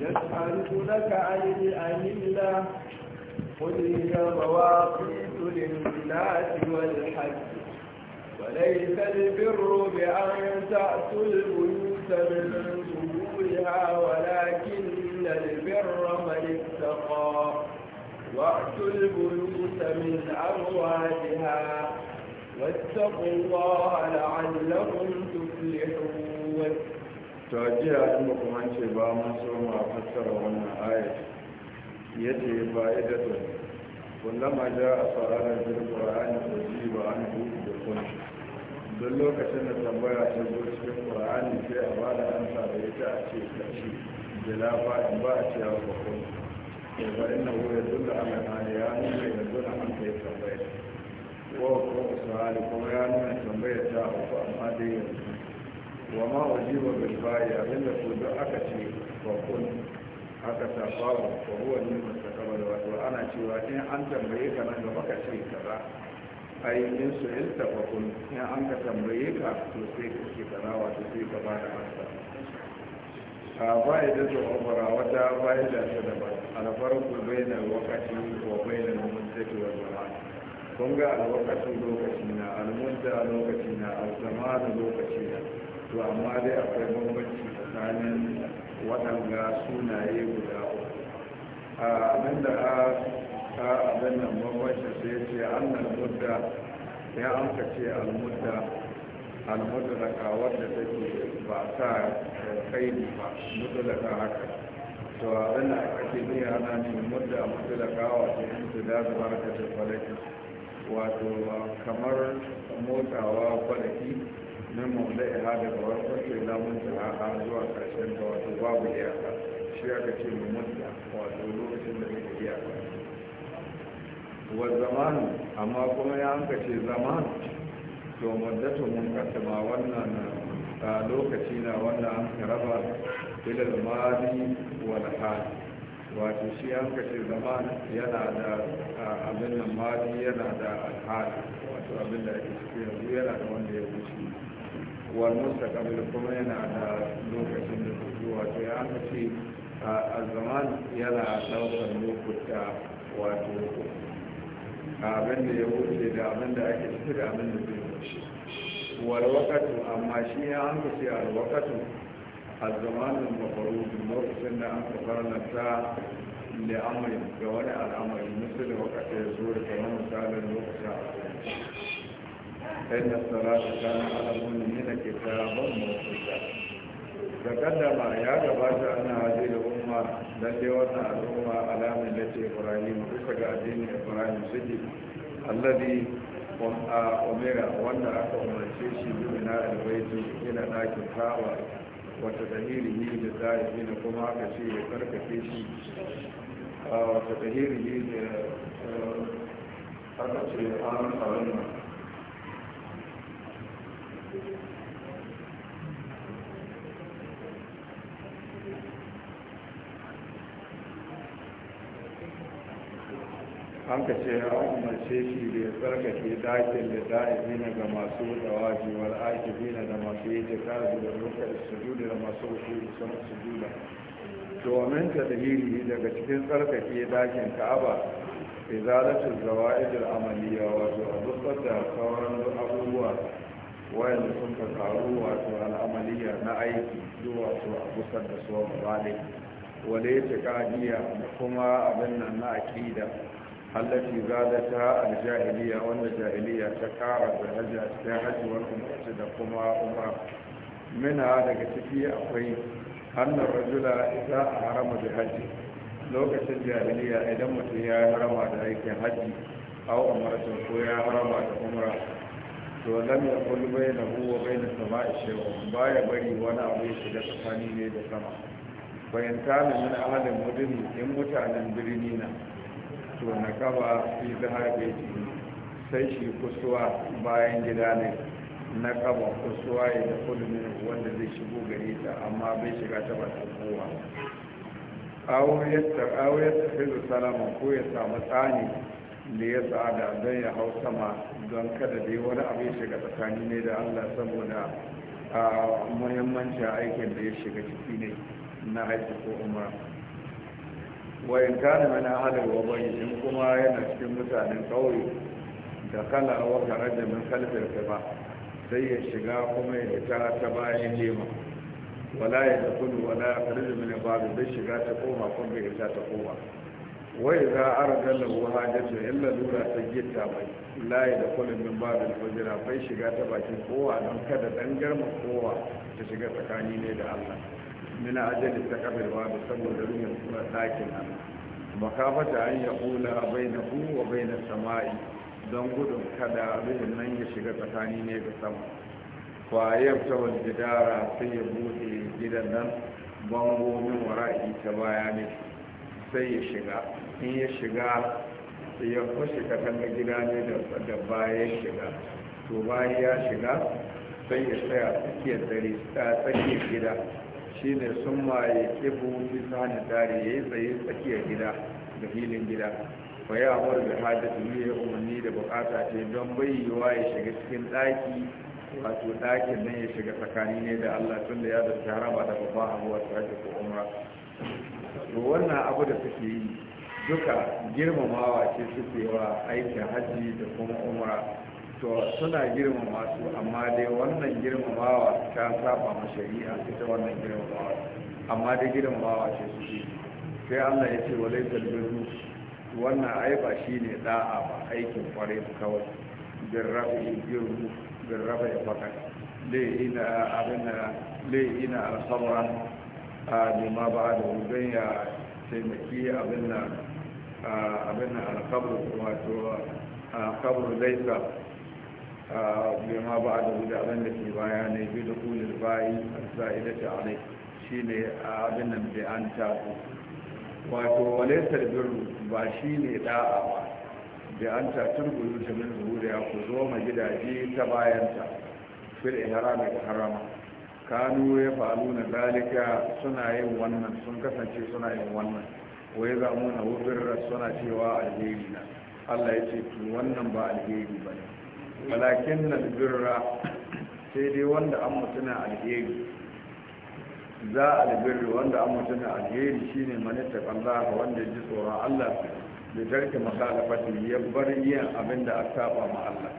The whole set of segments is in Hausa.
يسألك لك عن الأهلة قل هي مواقيت للناس والحج وليس البر بأن تأتوا البيوت من ظهورها ولكن البر من اتقى وأتوا البيوت من أبوابها واتقوا الله لعلكم تفلحون to jiya in ba kuma ce ba mun so ma fassara wannan ya a ja fa'idatu kullama da sa'ala bil ba an yi da kulli don lokacin da tambaya ta zo cikin qur'ani sai a bada amsa da ita a ce kashi bila fa'in ba a ce ba kun ba inna duk da ala hali ya nuna yadullu an kai tambaya ko ko Ali, kuma ya nuna tambaya ta uku amma dai yanzu wa ma wajiba bil bayi abinda ko duk aka ce ba kun aka tafa wa huwa ni da wato ana cewa in an tambaye ka nan gaba ka ce kaza ai in su ilta wa kun in an ka tambaye ka to sai ka ce kaza wato sai ka ba da amsa a bai da zuwa bara wata bai da ta daban alfarku bainal wakati wa bainal mustaqi wal jama'a kun ga alwakacin lokaci na almudda lokaci na alzamanu lokaci na to amma dai akwai bambanci tsakanin waɗanda sunaye guda a nan da a abin nan bambanci sai ce annan mudda ya amka ce almudda almudda wadda take ba ta kai ba mudda haka to a abin da ne nuna na ne mudda mutulaka wato kawar da zuwa da ta falaki wato kamar motawa falaki min mamla'iha daga wasan sai lamun jaha zuwa karshen ta wato babu iyaka shi aka ce mu mutta wato lokacin da muke iyaka wa zamanu amma kuma ya hanka ce zamanu to muddatu mun ma wannan a lokaci na wannan an karaba ilal mali wal hal wato shi an kace zaman yana da abin nan mali yana da alhali wato abin da ake cikin yanzu yana da wanda ya wuce kuma yana da والمستقبل كما ينعى لوكس النسوة ويعمل الزمان ينعى لوكس النسوة وتوقف abin da ya wuce da abin da ake ciki da abin da zai wuce walwakatu amma shi ya an ce alwakatu a zamanin mafaru lokacin da an ka farnata da amai ga wani al'amari musu da wakata ya zo da kamar misalin lokacin ɗan yasara da kan al'amun yana ke ta ban mawasuta da kaddama ya gabata ana haji da umma da ke wannan al'umma alamun da ce ibrahim kusa ga addini ibrahim suke alladi a omega wanda aka umarce shi zuwa na alwaiti yana ɗakin tawa wata tahiri ne da za a kuma aka ce ya karkace shi a wata tahiri ne da aka ce an faruwa an ce a umarce shi da ya tsarkake dakin da da'izi na ga masu dawaji wal aiki na da masu yi jikazu da ruka sujudu da masu wuce da sama sujuda domin ta dalili daga cikin tsarkake dakin ka'aba izalatul zawa'idul amaliya wato a dukkan da kawar waɗanda sun ka karu wato al'amaliya na aiki zuwa su a busar da su gaba ne wale ya da kuma abin nan na aƙida allafi zada ta aljahiliya wanda jahiliya ta kara da hajji ta hajji wani umarci da kuma umar mina daga ciki akwai hannun rajula za a harama da hajji lokacin jahiliya idan mutum ya harama da aikin hajji au umarcin ko ya harama da umra to lam ya kullu bainahu wa bain as-sama'i shay'un baya bari wani abu ya shiga tsakani ne da sama bayan ne mun ahalin mudini in mutanen birni na to na kaba fi zahabi sai shi kusuwa bayan gida ne na kaba kusuwa ya da kulmin wanda zai shigo gare ta amma bai shiga ta bakin kowa awo ya tafi salama ko ya samu tsani da ya tsada don ya hau sama don kada dai wani abu ya shiga tsakani ne da allah saboda a muhimmancin aikin da ya shiga ciki ne na haji ko umra wayan kane mana wa bai in kuma yana cikin mutanen kauye da kala wata rajamin kalfir ba sai ya shiga kuma ya fita ta bayan lema wala ya da kudu wala ya karbi mini babu zai shiga ta koma kuma fita ta koma wai za a ragar lagu hajjata illa lura ta gita mai layi da kulin min ba da fajira bai shiga ta baki kowa don kada dan girma kowa ta shiga tsakani ne da allah mina ajali ta kabirwa da saboda ruhin ɗakin allah makafata an ya kula bai na ku bai na sama'i don gudun kada ruhin nan ya shiga tsakani ne da sama kwayar ta wani dara sai ya buɗe gidan nan bango min wara'i ta baya ne sai ya shiga in ya shiga ya fashe katangar gida ne da baya shiga to bayan ya shiga sai ya tsaya tsakiyar dare tsakiyar gida shi ne sun maye kibu bisa na dare ya yi tsaye tsakiyar gida da filin gida ba ya amur da hajji ne ya umarni da bukata ce don bayyawa ya shiga cikin ɗaki wato ɗakin nan ya shiga tsakani ne da allah tun da ya zarta harama da babban abuwa ta ko umra to wannan abu da suke yi duka girmamawa ce suke wa aikin hajji da kuma umra to suna girmama su amma dai wannan girmamawa ta saba ma shari'a ita wannan girmamawa amma dai girmamawa ce suke sai Allah ya ce laifin talbiru wannan ai ba ne da'a ba aikin kware kawai birrafi yuru birrafi ya fakat lai ina abin lai ina al-sabra a nema ba da ya taimaki abin nan abin na alkabu wato alkabu laisa bima ba da wuda abin da ke baya ne bi da kulil bayi alza'ida ta shi ne abin nan da an tafi wato walaisar birru ba shi ne da'a ba da an ta turbuyu ta min ya ku zo ma gidaje ta bayanta fil ihrami da harama kanu ya falu na dalika suna yin wannan sun kasance suna yin wannan wa ya zamu na wubirra suna cewa alheri na allah ya ce to wannan ba alheri ba ne walakin na birra sai dai wanda an mutuna alheri za a albirri wanda an mutuna alheri shine manita allah wanda ji tsoron allah da jarki makalafati ya bar yin abin da aka saba ma allah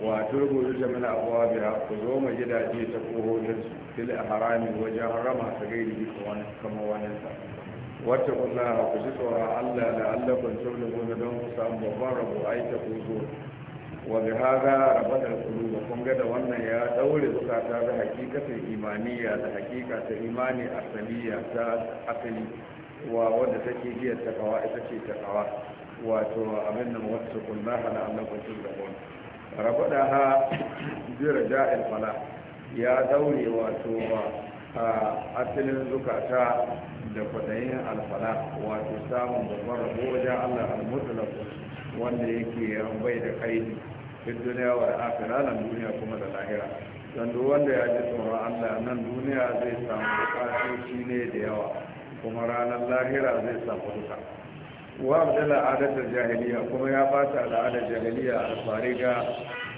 wato gobe da mana abuwa biya ku zo gidaje ta kohonin su a harami wajen harama ta gairi kama wani wata kula ku ji tsoron allah da allah ban tsoron da don ku samu babban rabu a yi ta kuzo wa bi haza rabatar kulu ba kun ga da wannan ya daure zukata da hakikatin imaniya da hakika ta imani asaliya ta asali wa wadda take ta kawa ita ce ta takawa wato abin nan wasu kunna hana annan kwacin da wani da ha jira ja'il fala ya daure wato ba. asalin zukata da kwadayin alfala wato samun babban rabo wajen allah al-mutlaq wanda yake bai da kai duk duniya wa akira nan duniya kuma da lahira don duk wanda ya ji tsoron allah nan duniya zai samu bukatoci ne da yawa kuma ranar lahira zai samu duka wa da adatar jahiliya kuma ya bata al'adar jahiliya alfariga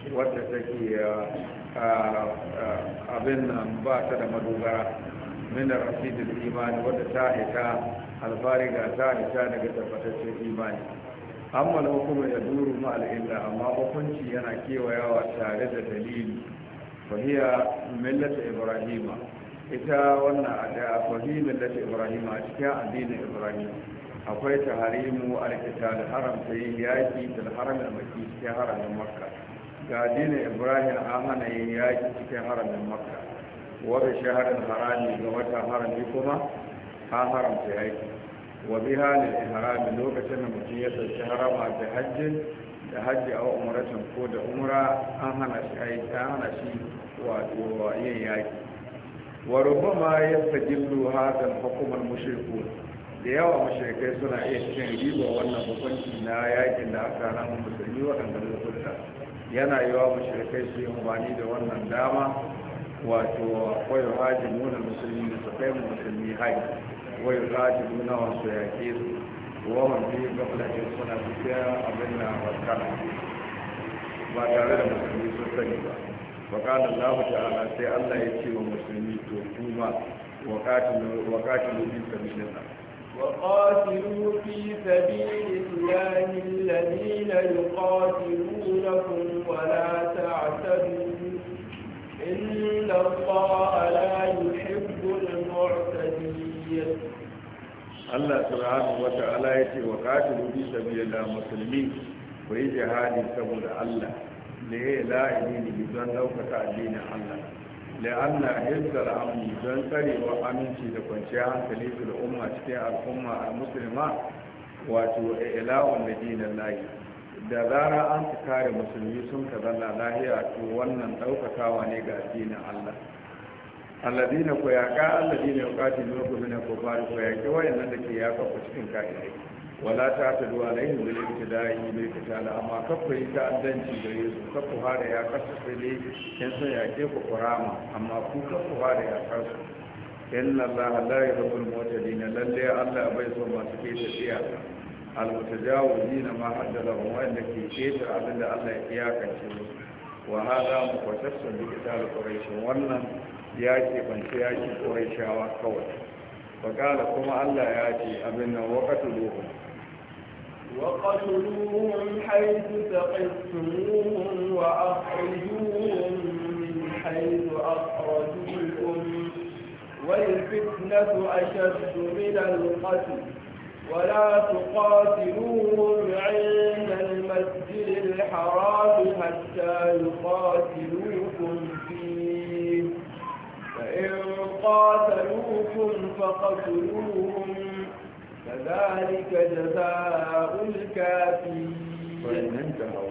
wadda take uh, uh, abin nan ba ta da madogara min rasidul imani wadda ta hita alfariga ta hita daga tabbataccen imani amma hukumu ya duru ma al'illa amma hukunci yana kewayawa tare da dalili fahiya millata ibrahima ita wannan ada fahiya millata ibrahima a cikin addinin ibrahima akwai taharimu alkitab haramta yin yaƙi da haramin maki cikin haramin makka da addinin ibrahim an hana yin yaƙi cikin haramin makka wadda shaharar harami ga wata harami kuma an haramta yaƙi wa bi halin harami lokacin da mutum ya sauki harama da hajji da hajji a umaratin ko da umara, an hana shi aiki an hana shi wato yin yaƙi wa rubama yastajillu hadal hukumar mushrikun da yawa mashirikai suna iya cikin riba wannan hukunci na yakin da aka ranar musulmi waɗanda musulta yana yi wa mashirkai su yi amfani da wannan dama wato akwai haji nuna musulmi da su kai musulmi haji wai haji nuna wasu ke su wawan biyu gabla ke suna tafiya abin na wakana ba tare da musulmi sun sani ba wakana allah ala sai allah ya ce wa musulmi to kuma wakatun lobin sabilin nan وقاتلوا في سبيل الله الذين يقاتلونكم ولا تعتدوا إن الله لا يحب المعتدين Allah subhanahu wa ta'ala ya ce wa qatilu fi sabilillah muslimin ku yi jihadi saboda Allah ne la ilaha illa don addinin Allah la'anna hizar amni don tsarewa aminci da kwanciyar hankali da umma cikin al'umma a musulma wato ila'un da dinin layi da zara an ka kare musulmi sun ka zanna lahiya to wannan ɗaukakawa ne ga addinin allah alladina ko ya ka alladina ya kati ne ko bari ko ya wayannan da ke yaka ku cikin kafirai wala ta ta duwa da yin da ta da yi bai da amma kafa yi ta addanci da yi su kafa hada ya kasu sai dai yan sun yake ku kurama amma ku kafa hada ya kasu inna allah la mota mu'tadin lalle allah bai so masu ke tafiya al mutajawizin ma haddala wa wanda ke keta abin da allah ya iyakance musu wa hada muqaddasun bi qital quraish wannan ya ke bance ya ke kawai fa kuma allah ya ce abin nan waqatu ba. وقتلوهم حيث ثقفتموهم وأخرجوهم من حيث أخرجوكم والفتنة أشد من القتل ولا تقاتلوهم عند المسجد الحرام حتى يقاتلوكم فيه فإن قاتلوكم فقتلوهم كذلك جزاء الكافرين فإن انتهوا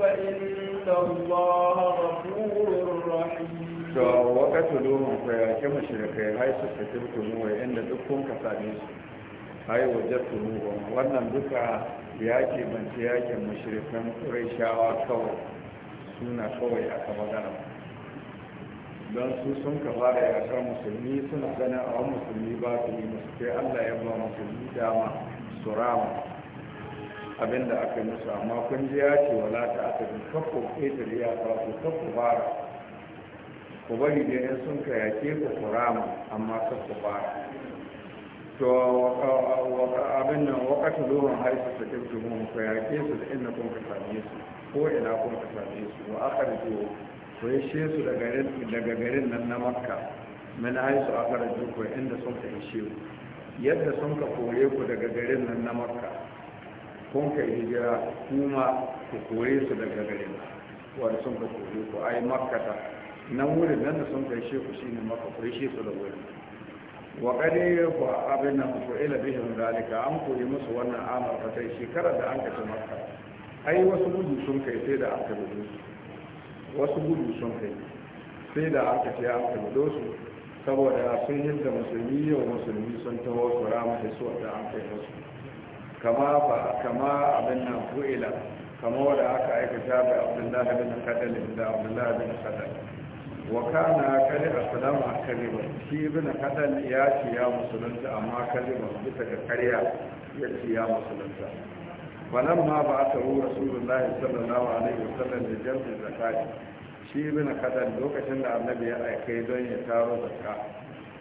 فإن الله غفور رحيم to waka tudurun ku ya ke mashirikai hai su tunuwa inda dukkan ka same su hai wajen tunuwa wannan duka ya banci yakin mashirikan ƙurai shawa kawai suna kawai aka magana don su sun ka da yasa musulmi suna ganin a wani musulmi ba su yi musu sai allah ya ba musulmi dama su rama abinda aka yi musu amma kun ji ya ce wala ta aka bi kakko ƙetar iyaka ku kafo bara. ku bari da yan sun ka yake ku ku rama amma kafo bara. to abin nan wakata lohon haifar su kirki mun ku yake su da inda kun ka same su ko ina kun ka same su wa aka rike ku su daga garin nan na makka min haisu a farajin ku inda sun ka ishe ku yadda sun ka kore ku daga garin nan na makka kun ka hijira kuma ku kore su daga garin wanda sun ka kore ku ai makka ta nan wurin nan da sun ka ishe ku ne makka ku ishe su da wurin wa kade ku abin nan ku ila bihim zalika an koyi musu wannan amar ta shekara da an kace makka ai wasu gudu sun kai sai da aka rubuta wasu gudu sun kai sai da aka ce an kalado su saboda sun yi da musulmi yau musulmi sun taho su rama da su wanda an kai musu kama ba kama abin nan fu'ila kama wadda aka aikata bai abdullahi bin kadalin da abdullahi bin kadalin wa kana kare asalama kalima shi bin kadan ya ce ya musulunta amma kalima bisa ga karya ya ce ya musulunta فلما بعثه رسول الله صلى الله عليه وسلم لجمع الزكاة shi bin kadan lokacin da annabi ya aike don ya taro zakka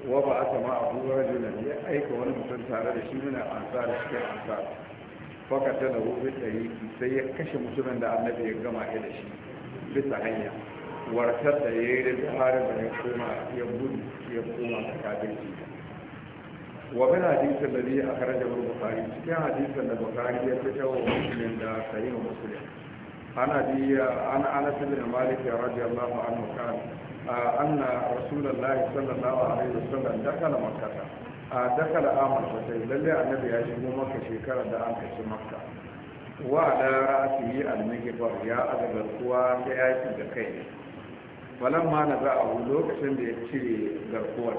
wa ba aka ma abu rajulan ya aika wani mutum tare da shi bin ansar cikin ansar fakata da wufi tsari sai ya kashe mutumin da annabi ya gama ya da shi bisa hanya wartar da ya yi da harin da ya koma ya gudu ya wa min hadisin da biyu a karajar bukari cikin hadisin da bukari ya fita wa musulun da sayi wa musulun ana biya an anas bin malik radiyallahu anhu kan anna rasulullahi sallallahu alaihi wasallam dakala makkata a dakala amal fatai lalle annabi ya shigo maka shekarar da an ci makka wa da ra'asi al-migbar ya da kai ne za a lokacin da ya cire garkuwar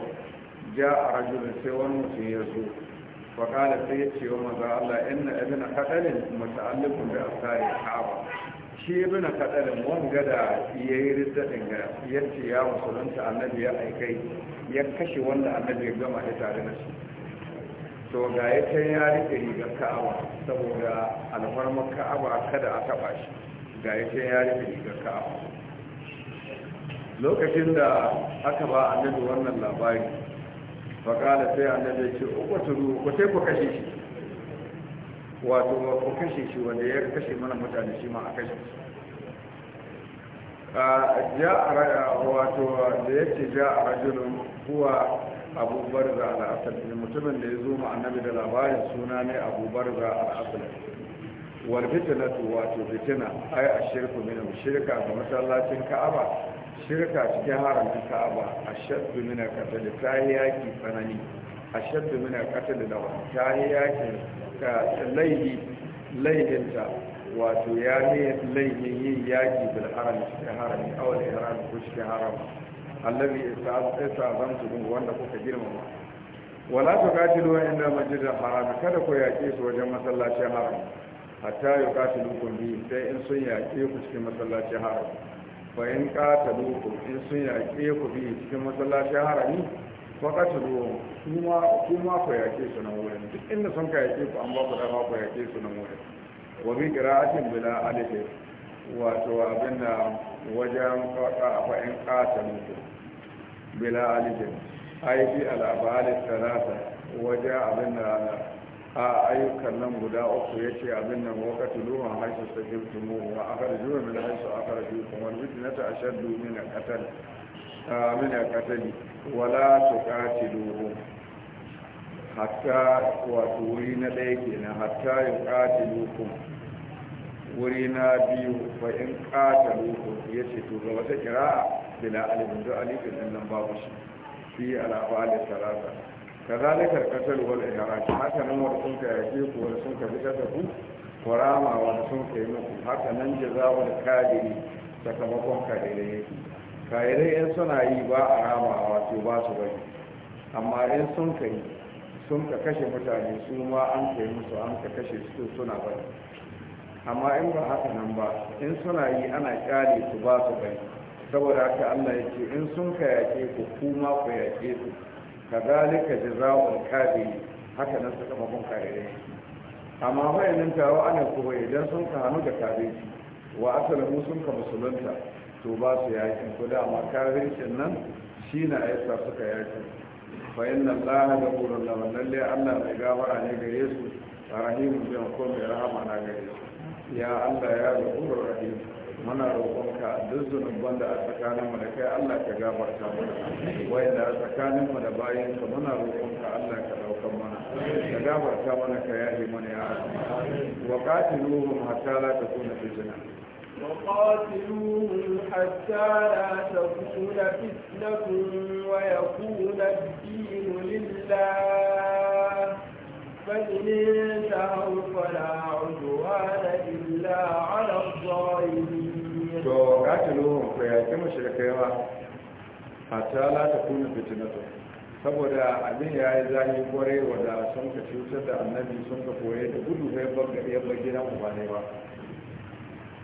ja a rajulun sai wani mutum ya zo faƙala sai ya ce wa maza Allah inna ibn kadalin muta'alliqun bi asari ka'aba shi ibn kadalin wanga da yayi riddadin ga yace ya musulunta annabi ya aikai ya kashe wanda annabi ya gama da tare da shi to ga ya ta ya rike rigar ka'aba saboda alfarmar ka'aba kada a taba shi ga ya ta ya rike rigar ka'aba lokacin da aka ba annabi wannan labari fakala sai annabi ya ce uku turu ku sai ku kashe shi wato ku kashe shi wanda ya kashe mana mutane shi ma a kashe shi wato da ya ce ja a rajulun kuwa abubuwar za al'asar ne mutumin da ya zo ma annabi da labarin suna ne abubuwar za al'asar wal fitinatu wato fitina ai a shirku min shirka ga masallacin ka'aba shirka cikin haramta ka'aba a shaddu mina katali ta yi yaki tsanani a shaddu mina katali da wani ta yi yaki ka laihi laihinta wato ya ne laihin yin yaki bil haram cikin haram awal ihram ko cikin haram ya sa zan tudun wanda kuka girmama wala ta katilu inda masjidil haram kada ku yaƙe su wajen masallacin haram hatta yuqatilukum bi sai in sun yaƙe ku cikin masallacin haram bayan katalu ku in sun yaƙe ku bi cikin masallacin harami fa katalu kuma kuma ku yaƙe su nan wurin duk inda sun ka yaƙe ku an ba ku dama ku yaƙe su nan wurin wa bi qira'atin bila alif wato abin da wajen faɗa fa in katalu ku bila alif ai bi al-abal thalatha wajen abin da a ayyukan nan guda uku ya ce abin nan wakati luhan haisu ta jirgin Wa a da juwa min haisu a da juwa kuma na ta ashaddu min katal min katali wala ta kaci luhu hatta wato wuri na ɗaya kenan hatta ya kaci luhu wuri na biyu fa in kaci luhu ya ce to ga wata kira bila alifin da alifin nan babu shi fi da sarasa kazalikar katal wal حتى نمر سنك wa ورسنك ka ورامع ku wa حتى ننجزا والكادر ku كإليه كإليه sun ka yi muku haka أما إنسان كي sakamakon in suna yi ba a rama ba su bari amma in sun ka yi sun ka kashe mutane su ma an kai musu an ka kashe su suna bari amma in ba haka nan ba in suna yi ana kyale su ba su bari saboda haka Allah yake in sun ka yake ku kuma ku yake su kadhalika jazaa'ul kafirin haka nan sakamakon kafirai amma wayannan tawo ana kuma idan sun ka hannu da kafirci wa asalamu sun ka musulunta to ba su yakin ko da amma kafircin nan shi na aisa suka yakin fa inna allaha ghafurur rahim lalle allah mai gafara ne gare su rahimu biyan ko mai rahama na gare su ya allah ya ghafurur rahim muna roƙonka duk zunuban da a tsakanin mu da kai Allah ka gafarta mana wayanda a tsakanin mu da bayan ka muna roƙonka Allah ka daukar mana ka gafarta mana ka yahi mana ya Allah wa qatiluhum hatta la takuna fitna وقاتلوهم حتى لا تكون فتنة ويكون الدين لله فإن انتهوا فلا عدوان إلا على الظالمين to katiluhum ku yaki a hatta la takuna fitnatu saboda abin ya yi zahi kwarai da sun ka cutar da annabi sun ka koye da gudu sai babba yabba gidan uba ne ba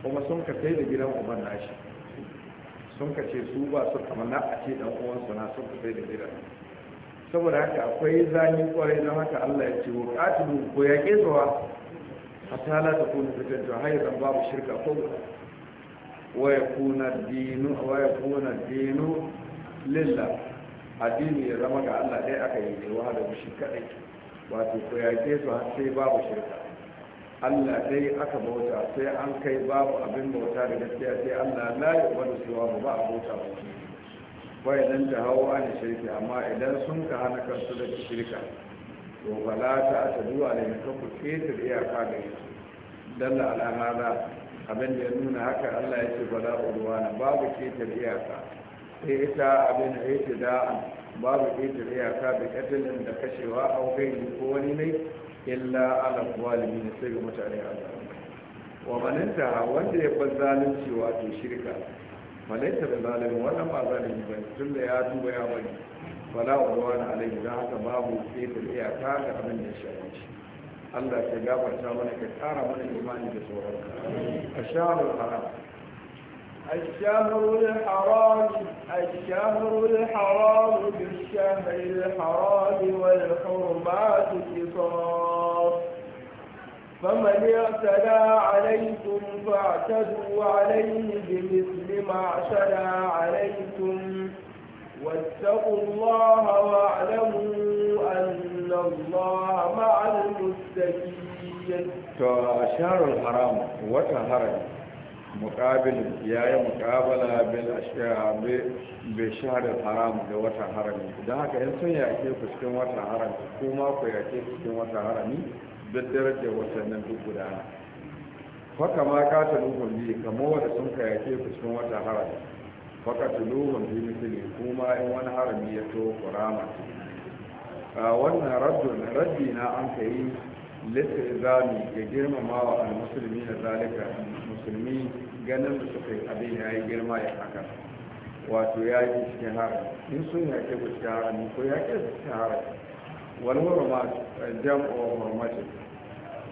kuma sun ka kai da gidan uban nashi sun ka ce su ba su kamar na a ce dan uwansu na sun ka kai da gidan saboda haka akwai zahi kwarai don haka Allah ya ce wa katilu ku yaƙe zuwa hatta la har fitnatu hayyan babu shirka ko ويكون الدين ويكون الدين لله addini ya zama ga Allah ɗaya aka yi ne da shi kaɗai wato ko yake su har sai babu shirka Allah dai aka bauta sai an kai babu abin bauta da gaskiya sai Allah la ya wani suwa ba a bauta ba ba idan ta hawo an shirki amma idan sun ka hana kansu da shirka to ta ta duwa ne ka ku ketar iyaka da su dalla ala hada abin da ya nuna haka Allah ya ce bala udwana babu ketar iyaka sai ita abin da yake da babu ketar iyaka da katilin da kashewa au kai ko wani ne illa ala zalimi ne sai ga mutane azaba wa mananta wanda ya bar zalunci wato shirka malaita da zalimi wannan ba zalimi bane da ya duba ya bari bala udwana alaihi za haka babu ketar iyaka da abin da ya shafi Allah mana ka mana imani da tsoron الشهر الحرام الشهر الحرام الشهر الحرام بالشهر الحرام والحرمات قصاص فمن اعتدى عليكم فاعتدوا عليه بمثل ما اعتدى عليكم واتقوا الله واعلموا أن الله مع المتقين فشهر الحرام وتهرم مقابل يا مقابلة بالأشياء بشهر الحرام وتهرم ده هكا إنسان يأتي في وتهرم كما يأتي في وتهرم بالدرجة وسنن بقدانا فكما قاتلوهم لي كما ودسنك يأتي في وتهرم faqatuluhum fi mithli kuma in wani harami ya to qurama wannan raddun raddi na an ka kai lisizami ga girmama wa Musulmi na zalika musulmi ganin da suka abin ya yi girma ya haka wato ya yi cikin harami in sun yake ku cikin harami ko ya ke cikin harami wal hurma jam'u wa hurmatin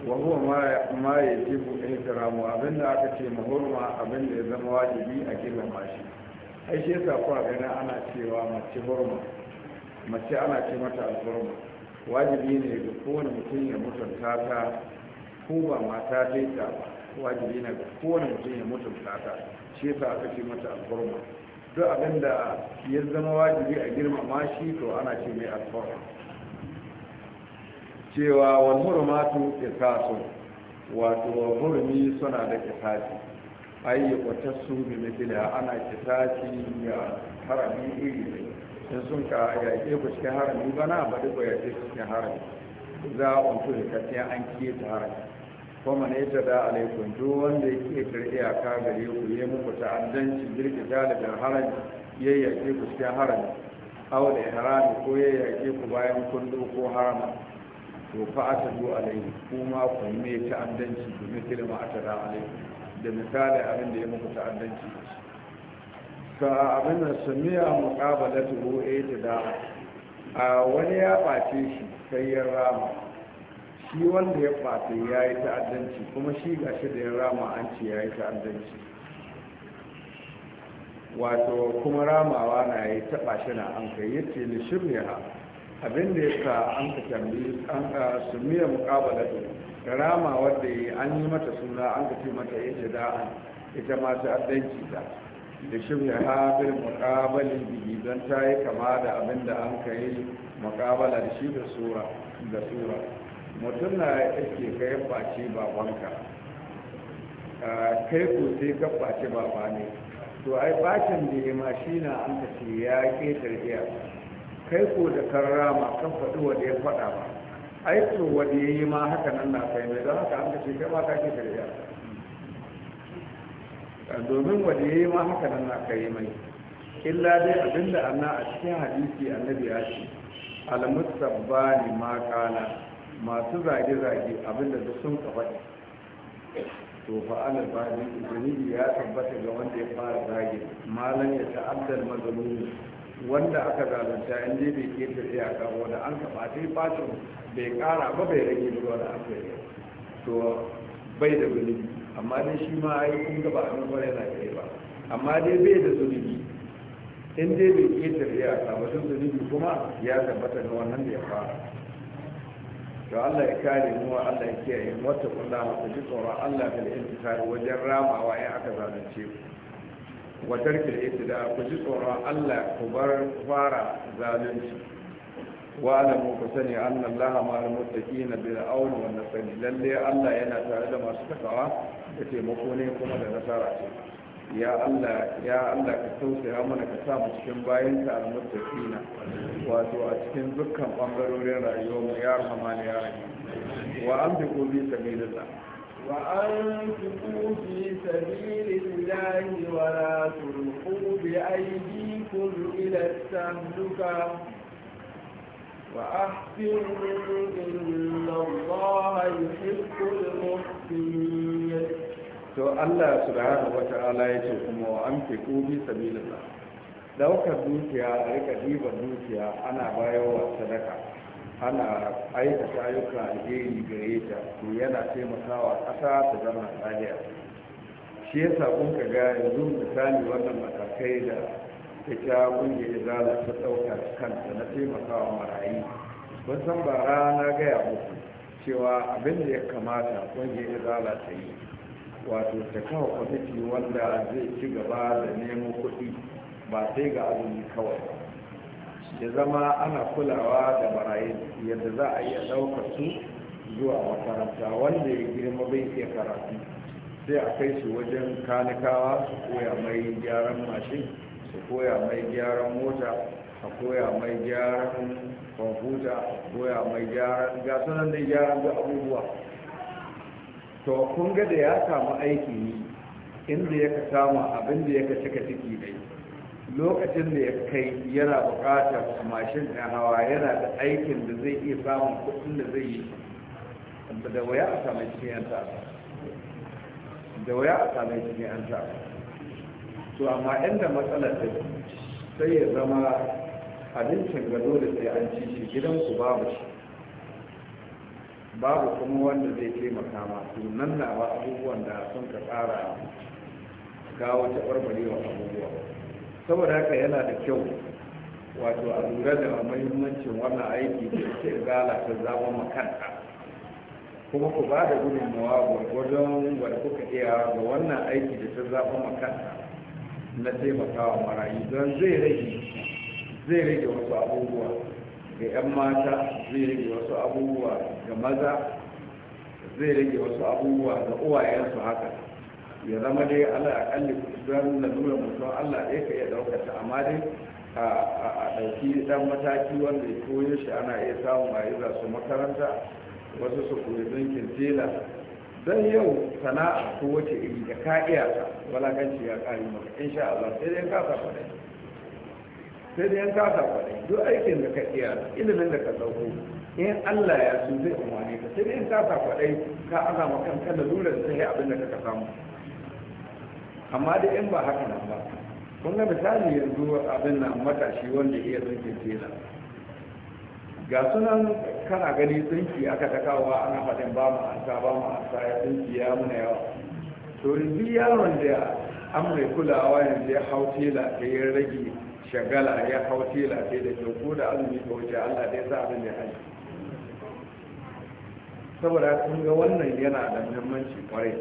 wa huwa ma yajibu ihtiramu abinda aka ce mahurma da ya zama wajibi a girmama shi ai shi yasa kuwa gani ana cewa mace hurma mace ana ce mata alhurma wajibi ne ga kowane mutum ya mutunta ta ko ba mata dai ta ba wajibi ne ga kowane mutum ya mutunta ta shi yasa aka ce mata alhurma duk abin da ya zama wajibi a girmama shi to ana ce mai alhurma cewa tun hurmatu qisasun wato hurmi suna da qisasi ai wata su bi mithliha ana ci ya harami iri in sun ka yaƙe ku cikin harami bana ba duk ya yaƙe ku cikin harami za a untu da kasiya an ta harami kuma ne ta da alaikun duk wanda ya ƙetar iyaka gare ku ya muku ta'addanci da dalibin harami ya yaƙe ku cikin harami aw da harami ko ya yaƙe ku bayan kullu ko harama to fa a tadu alaihi kuma ku mai ta'addanci bi mithli ma a da alaikum da misali abin da ya muku ta'addanci da shi ka abin da samiya muqabalatu hu itida'a a wani ya ɓace shi sai ya rama shi wanda ya ɓace ya yi ta'addanci kuma shi gashi da ya rama an ce ya yi ta'addanci wato kuma ramawa na yi taɓa shi na an kai ya ce shirya abin da ya sa an ka tambayi an ka samiya muqabalatu karama wadda yi an yi mata suna an kafi mata da da'an ita ma ta addanci ta da shirya haɗin muƙabalin jiki don ta yi kama da abin da an ka yi muƙabala da shi da sura da sura mutum na yake ka yi face babanka kai ko sai ka face baba ne to ai bacin da ya ma shi na an ka ce ya ƙetare iya kai ko da kan rama kan faɗi wanda ya faɗa ba aikin wanda ya yi ma haka nan na kai mai don haka an ka ce kai ma ka ke karya domin wanda ya yi ma haka nan na kai mai illa dai abinda anna a cikin hadisi annabi ya ce ne ma kana masu zage-zage abinda da sun ne to fa ala bani ni ya tabbata ga wanda ya fara zage malam ya ta'addar mazalumi wanda aka zalunta in dai bai keta iyaka wanda an kafa sai fashin bai kara ba bai rage ruwa da aka yi to bai da zunubi amma dai shi ma ai kun ga ba abin kwarai yana kai ba amma dai bai da zunubi in dai bai keta iyaka ba sun zunubi kuma ya tabbata ga wannan da ya fara to Allah ya kare mu Allah ya kiyaye mu wata kullama ta ji tsoron Allah bil intisari wajen ramawa ya aka zalunce ku wa tarkil ibtida ku ji tsoron Allah ku bar fara zalunci wa alamu ku sani anna Allah ma al muttaqina bil auni wan sani. lalle Allah yana tare da masu takawa da taimako ne kuma da nasara ce ya Allah ya Allah ka tausaya mana ka sa mu cikin bayan ka al na. wato a cikin dukkan bangarorin rayuwar mu ya rahmani ya rahim wa amdiku bi sabilillah فأنفقوا في سبيل الله ولا تلقوا بأيديكم إلى التهلكة وأحسنوا إن الله يحب المحسنين to Allah subhanahu wa ta'ala ya ce kuma wa an fi kubi sabilillah daukar dukiya a riƙa diban dukiya ana bayarwa sadaka ana aikata ayyukan alheri gare ta to yana taimakawa ƙasa ta zama tsariya shi ya sabon ka ga yanzu misali wannan matakai da ta ita da zala ta ɗauka kanta na taimakawa marayu san bara na gaya muku cewa abin da ya kamata ƙungiyar zala ta yi wato ta kawo kwamiti wanda zai ci gaba da neman kuɗi ba sai ga azumi kawai ya zama ana kulawa da barayin yadda za a iya ɗaukar su zuwa makaranta wanda ya girma bai iya karatu sai a kai su wajen kanikawa su koya mai gyaran mashin su koya mai gyaran mota a koya mai gyaran kwamfuta a koya mai gyaran gasunan da gyaran da abubuwa to kun ga da ya samu aiki ne, inda ya ka samu abin da ya ka cika ciki dai lokacin da ya kai yana buƙatar mashin ɗan hawa yana da aikin da zai iya samun kuɗin da zai yi da waya a samun cikin da waya a samun cikin yan to amma inda matsalar da sai ya zama abincin gado da sai an ci shi gidan ku babu shi babu kuma wanda zai taimaka ma to nan na ba abubuwan da sun ka tsara kawo taɓarɓarewa abubuwa saboda haka yana da kyau wato a lura da mahimmancin wannan aiki da ke gala ta zama makanta kuma ku ba da gudunmawa gwargwadon wadda kuka iya ga wannan aiki da ta zama makanta na taimakawa marayu don zai rage zai rage wasu abubuwa ga 'yan mata zai rage wasu abubuwa ga maza zai rage wasu abubuwa ga uwayensu haka ya zama dai allah a kalli don nuna mutum allah ya ka iya ɗaukata amma dai a ɗauki ɗan mataki wanda ya koyo shi ana iya samun a yi su makaranta wasu su koyi ɗinkin tela don yau sana'a ko wace iri da ka iya ta walakanci ya ƙari maka insha allah sai dai ka sa sai dai yanka ka kwaɗai duk aikin da ka iya ilimin da ka ɗauko in Allah ya so zai umarni ka sai dai yanka ka kwaɗai ka azama kanka da lura da sai abin da ka samu amma da in ba haka nan ba kun ga misali yanzu abin nan matashi wanda iya tsinkin tela ga sunan kana gani tsinki aka takawa ana faɗin ba mu ansa ba mu ansa ya tsinki ya muna yawa to yanzu yaron da an mai kulawa yanzu ya hau tela ta yi rage shagala ya hau tela ta da kyau ko da azumi ta wuce allah da ya sa abin da hanyar saboda kun ga wannan yana da muhimmanci kwarai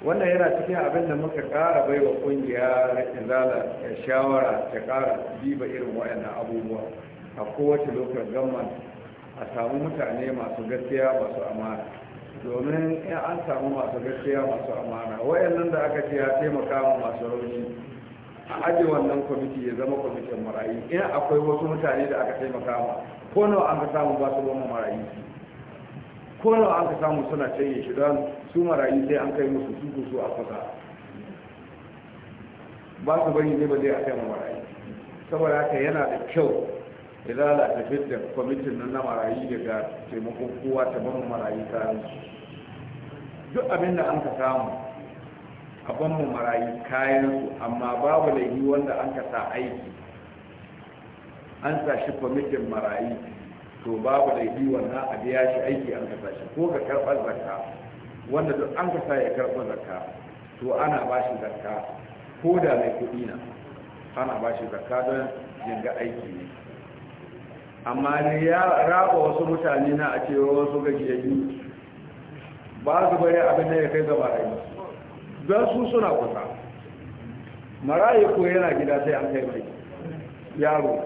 wannan yana cikin abin da muka kara bai wa ƙungiya izala da shawara ta kara diba irin wayannan abubuwa a kowace lokacin gamman a samu mutane masu gaskiya masu amana domin in an samu masu gaskiya masu amana wayannan da aka ce ya taimaka wa masu rauni a aji wannan kwamiti ya zama kwamitin marayu in akwai wasu mutane da aka taimaka wa ko nawa an ka samu ba su goma marayu ko nawa an ka samu suna canye shi don su marayu sai an kai musu su su a kusa. ba su bari ne ba zai a kai marayu saboda haka yana da kyau idan la tafi da kwamitin nan na marayu daga taimakon kowa ta ban marayu kayan duk abin da an ka samu a ban marayi marayu kayan su amma babu laifi wanda an ka sa aiki an sa shi kwamitin marayu to babu laifi wannan a biya shi aiki an ka sa shi ko ka karɓar zakka wanda duk an kasa ya karɓa zakka to ana ba shi zakka ko da mai kuɗi na ana ba shi zakka don jinga aiki ne amma ne ya raba wasu mutane na a cewa wasu gajiyayyu ba su bari abin da ya kai gaba yi. don su suna kusa marayi ko yana gida sai an kai mai yaro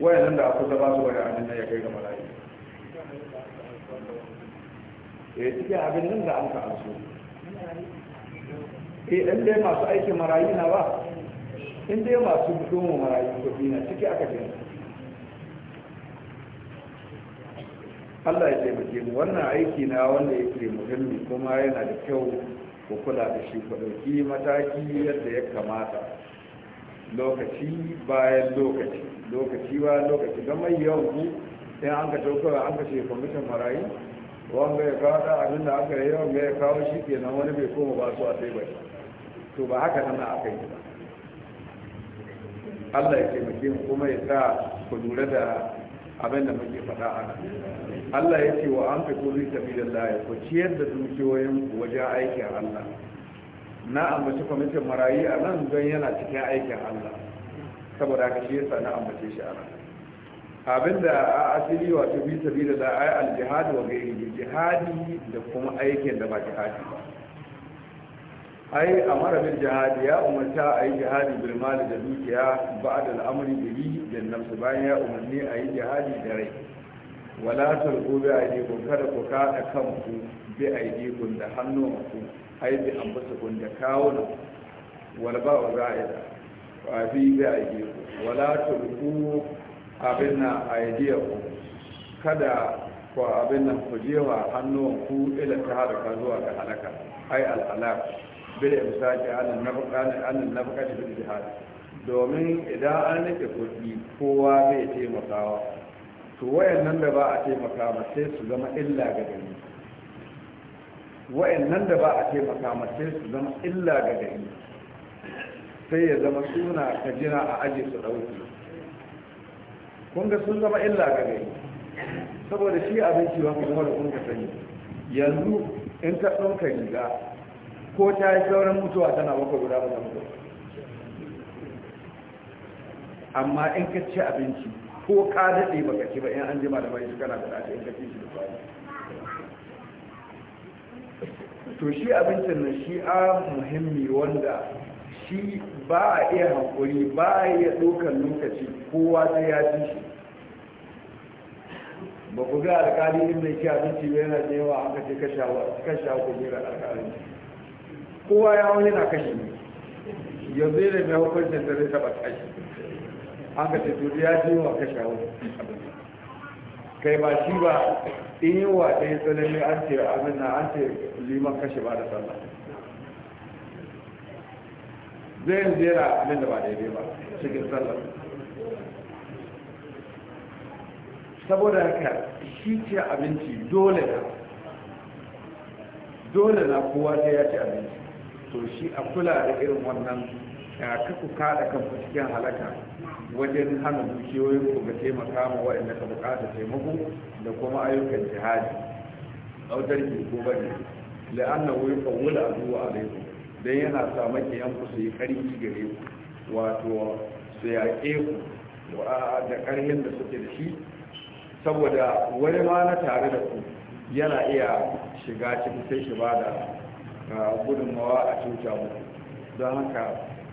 wayannan da a kusa ba su bari abin da ya kai gaba yi. ya eh, cike abin nan da an ka amsu eh dan dai masu aikin marayu na ba in dai masu domo marayu kuɗi na cike aka ce Allah ya taimake mu wannan aiki na wanda yake muhimmi kuma yana da kyau ku kula da shi ku ɗauki mataki yadda ya kamata lokaci bayan lokaci lokaci bayan lokaci don mai yawan ku sai an ka ɗaukar an ka ce kwamishin marayu wanda ya kawo da abin da aka yi wanda ya kawo shi ke nan wani bai koma ba su a sai bai to ba haka nan aka yi ba Allah ya taimake mu kuma ya sa ku lura da abin da muke faɗa a nan Allah ya ce wa an fi kuri laye ku ciyar da dukiyoyin wajen aikin Allah na ambaci kwamitin marayi a nan don yana cikin aikin Allah saboda ka shi yasa na ambace shi a nan abinda a asiri wato bi sabi da a yi aljihadi wa gairi jihadi da kuma aikin da ba jihadi ba ai a marabin jihadi ya umarta yi jihadi bil mali da dukiya ba'da al da bihi da nafsi bayan ya umarni yi jihadi da rai wala a bi aydikum kada ku kada kanku bi aydikum da hannu hannuwanku ai bi anfusakum da kawuna wal ba'u ba wa fi bi aydikum wala tulqu abin na ku. kada ku abin nan ku wa hannuwan ku ila ta zuwa ga halaka ai al'alaq bil imsaki an nafqan an nafqati bil jihad domin idan an rike kuɗi kowa bai taimakawa to wayannan da ba a taimaka ma sai su zama illa ga gari wayannan da ba a taimaka ma sai su zama illa ga gari sai ya zama suna kajina a aji su ɗauki Kunga sun zama illa ga gari saboda shi abinci ba kuma da kunga sani yanzu in ka ɗauka riga ko ta yi sauran mutuwa tana maka guda ba zama amma in ka ci abinci ko ka daɗe baka ci ba in an jima da mai kana da ɗace in ka ci shi da kwari to shi abincin nan shi a muhimmi wanda shi ba a iya hankuri ba a iya ɗaukar lokaci kowa ta ya ci shi ba ku ga alkali in mai kya zuci ba yana da yawa kace ce kashe ku jera alkalin kowa ya wani na kashe ne yanzu yana mai hukuncin da zai taɓa tashi an kace to ya ci yawa kashe wani kai ba shi ba in yi wa ɗaya tsanani an ce a na an ce liman kashe ba da sallah zai zera abin da ba daidai ba cikin sallar saboda haka shi ce abinci dole na dole na kowa sai ya ci abinci to shi a kula da irin wannan ka ku kada kan cikin halaka wajen hana dukiyoyin ku ga taimaka ma waɗanda ka bukata taimako da kuma ayyukan jihadi ɗautar ke ko bane la'annahu a zuwa alaikum dan yana sa makiyanku su yi karfi gare ku wato su yaƙe ku da ƙarfin da suke da shi saboda wani ma na tare da ku yana iya shiga cikin sai shi ba da gudunmawa a cuta muku don haka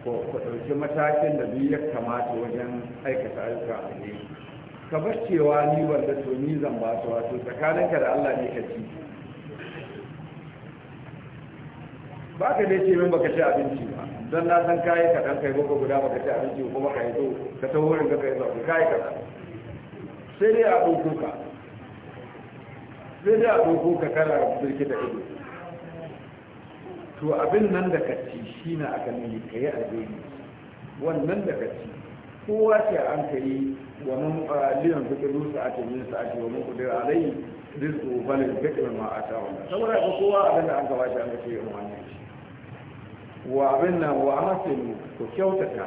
ku ɗauki matakin da duk ya kamata wajen aikata ayyuka a ne ka bar cewa ni wanda to ni zan ba su wato tsakaninka da allah ne ka ci ba ka dai ce min baka ci abinci ba don na san kayi kaɗan kai boko guda baka ci abinci ko ka yi zo ka ta wurin ka kai zafi kayi kaɗan sai dai a ɗauko ka sai dai a ɗauko ka da birki da ido to abin nan da ka ci shi na aka nuni ka yi alheri wannan da ka ci kowa ce an ka yi wani liyan fitar rusa a cikin sa'ati wani kudur alai rizku balin fitar ma'ata wannan saboda kowa abin da an ka shi an ka ce yin wannan shi wa abin nan wa ahsinu ku kyautata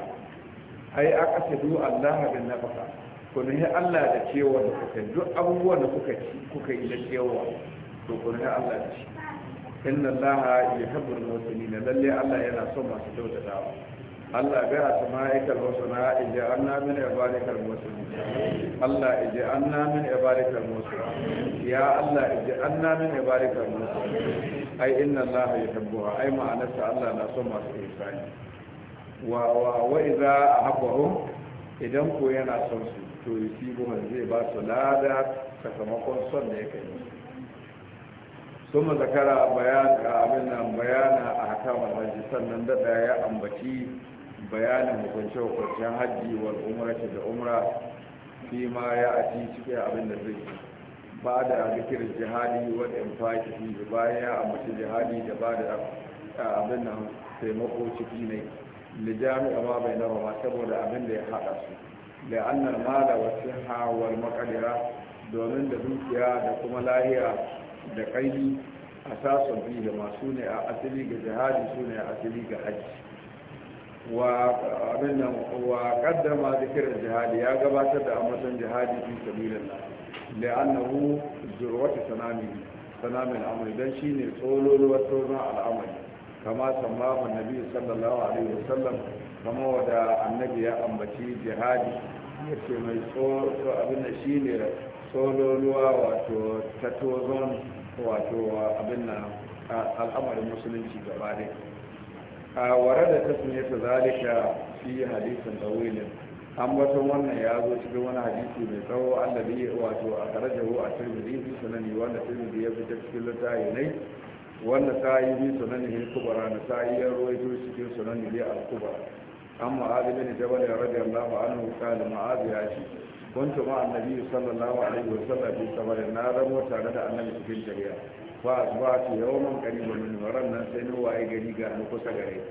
ai aqsidu Allah bin nafaka ku ne Allah da cewa da kuka duk abubuwan da kuka ci kuka yi da cewa to ku ne Allah da shi inna Allah yuhibbul muhsinin lalle Allah yana son masu kyautatawa Allah ga asma'ikal husna ij'alna min ibadikal muslimin Allah ij'alna min ibadikal muslimin ya Allah ij'alna min ibadikal muslimin ai inna allaha yuhibbuha ai ma'anarsa Allah na son masu ihsani wa wa wa idza ahabbahu idan ko yana son su to yi yusibuhu zai ba su lada sakamakon son da yake yi suma zakara bayan abin nan bayana a hakamar hajji sannan dada ya ambaci bayanin hukunce hukuncen hajji wal da umra fi ma ya aci cikin abin da zai yi ba da zikirin jihadi wadda in fashi baya a ambaci jihadi da ba da abin nan taimako ciki ne lijami amma bai na saboda abin da ya haɗa su da annar mala wa siha wal makadira domin da dukiya da kuma lahiya da kaini a sasun bi da masu ne a asali ga jihadi su ne a asali ga hajji wa abin nan wa kaddama zikirin jihadi ya gabatar da ambaton jihadi fi sabilillah la'annahu zurwata sanami sanamin amri dan shine tsololuwar tozon al'amari kama sammahu nabi sallallahu alaihi wasallam kama wada annabi ya ambaci jihadi yace mai tsoro abin da shine tsololuwa wato ta tozon wato abin nan al'amarin musulunci gaba ne a ware da tasmiyar zalika fi hadisin dawilin ambaton wannan ya zo cikin wani hadisi mai tsawo allabi wato a karajahu a tirmidhi fi sunani wanda tirmidhi ya fita cikin littafi ne wanda sa'i bi sunani ne kubara na sa'i ya rawaito cikin sunani ne al kubara an ma'az bin jabal radiyallahu anhu kana ma'azi ya ce kuntu ma annabi sallallahu alaihi wasallam bi sabar na ramo tare da annabi cikin jariya fa ce yawon qariban min waran nan sai ni waye gari ga kusa gare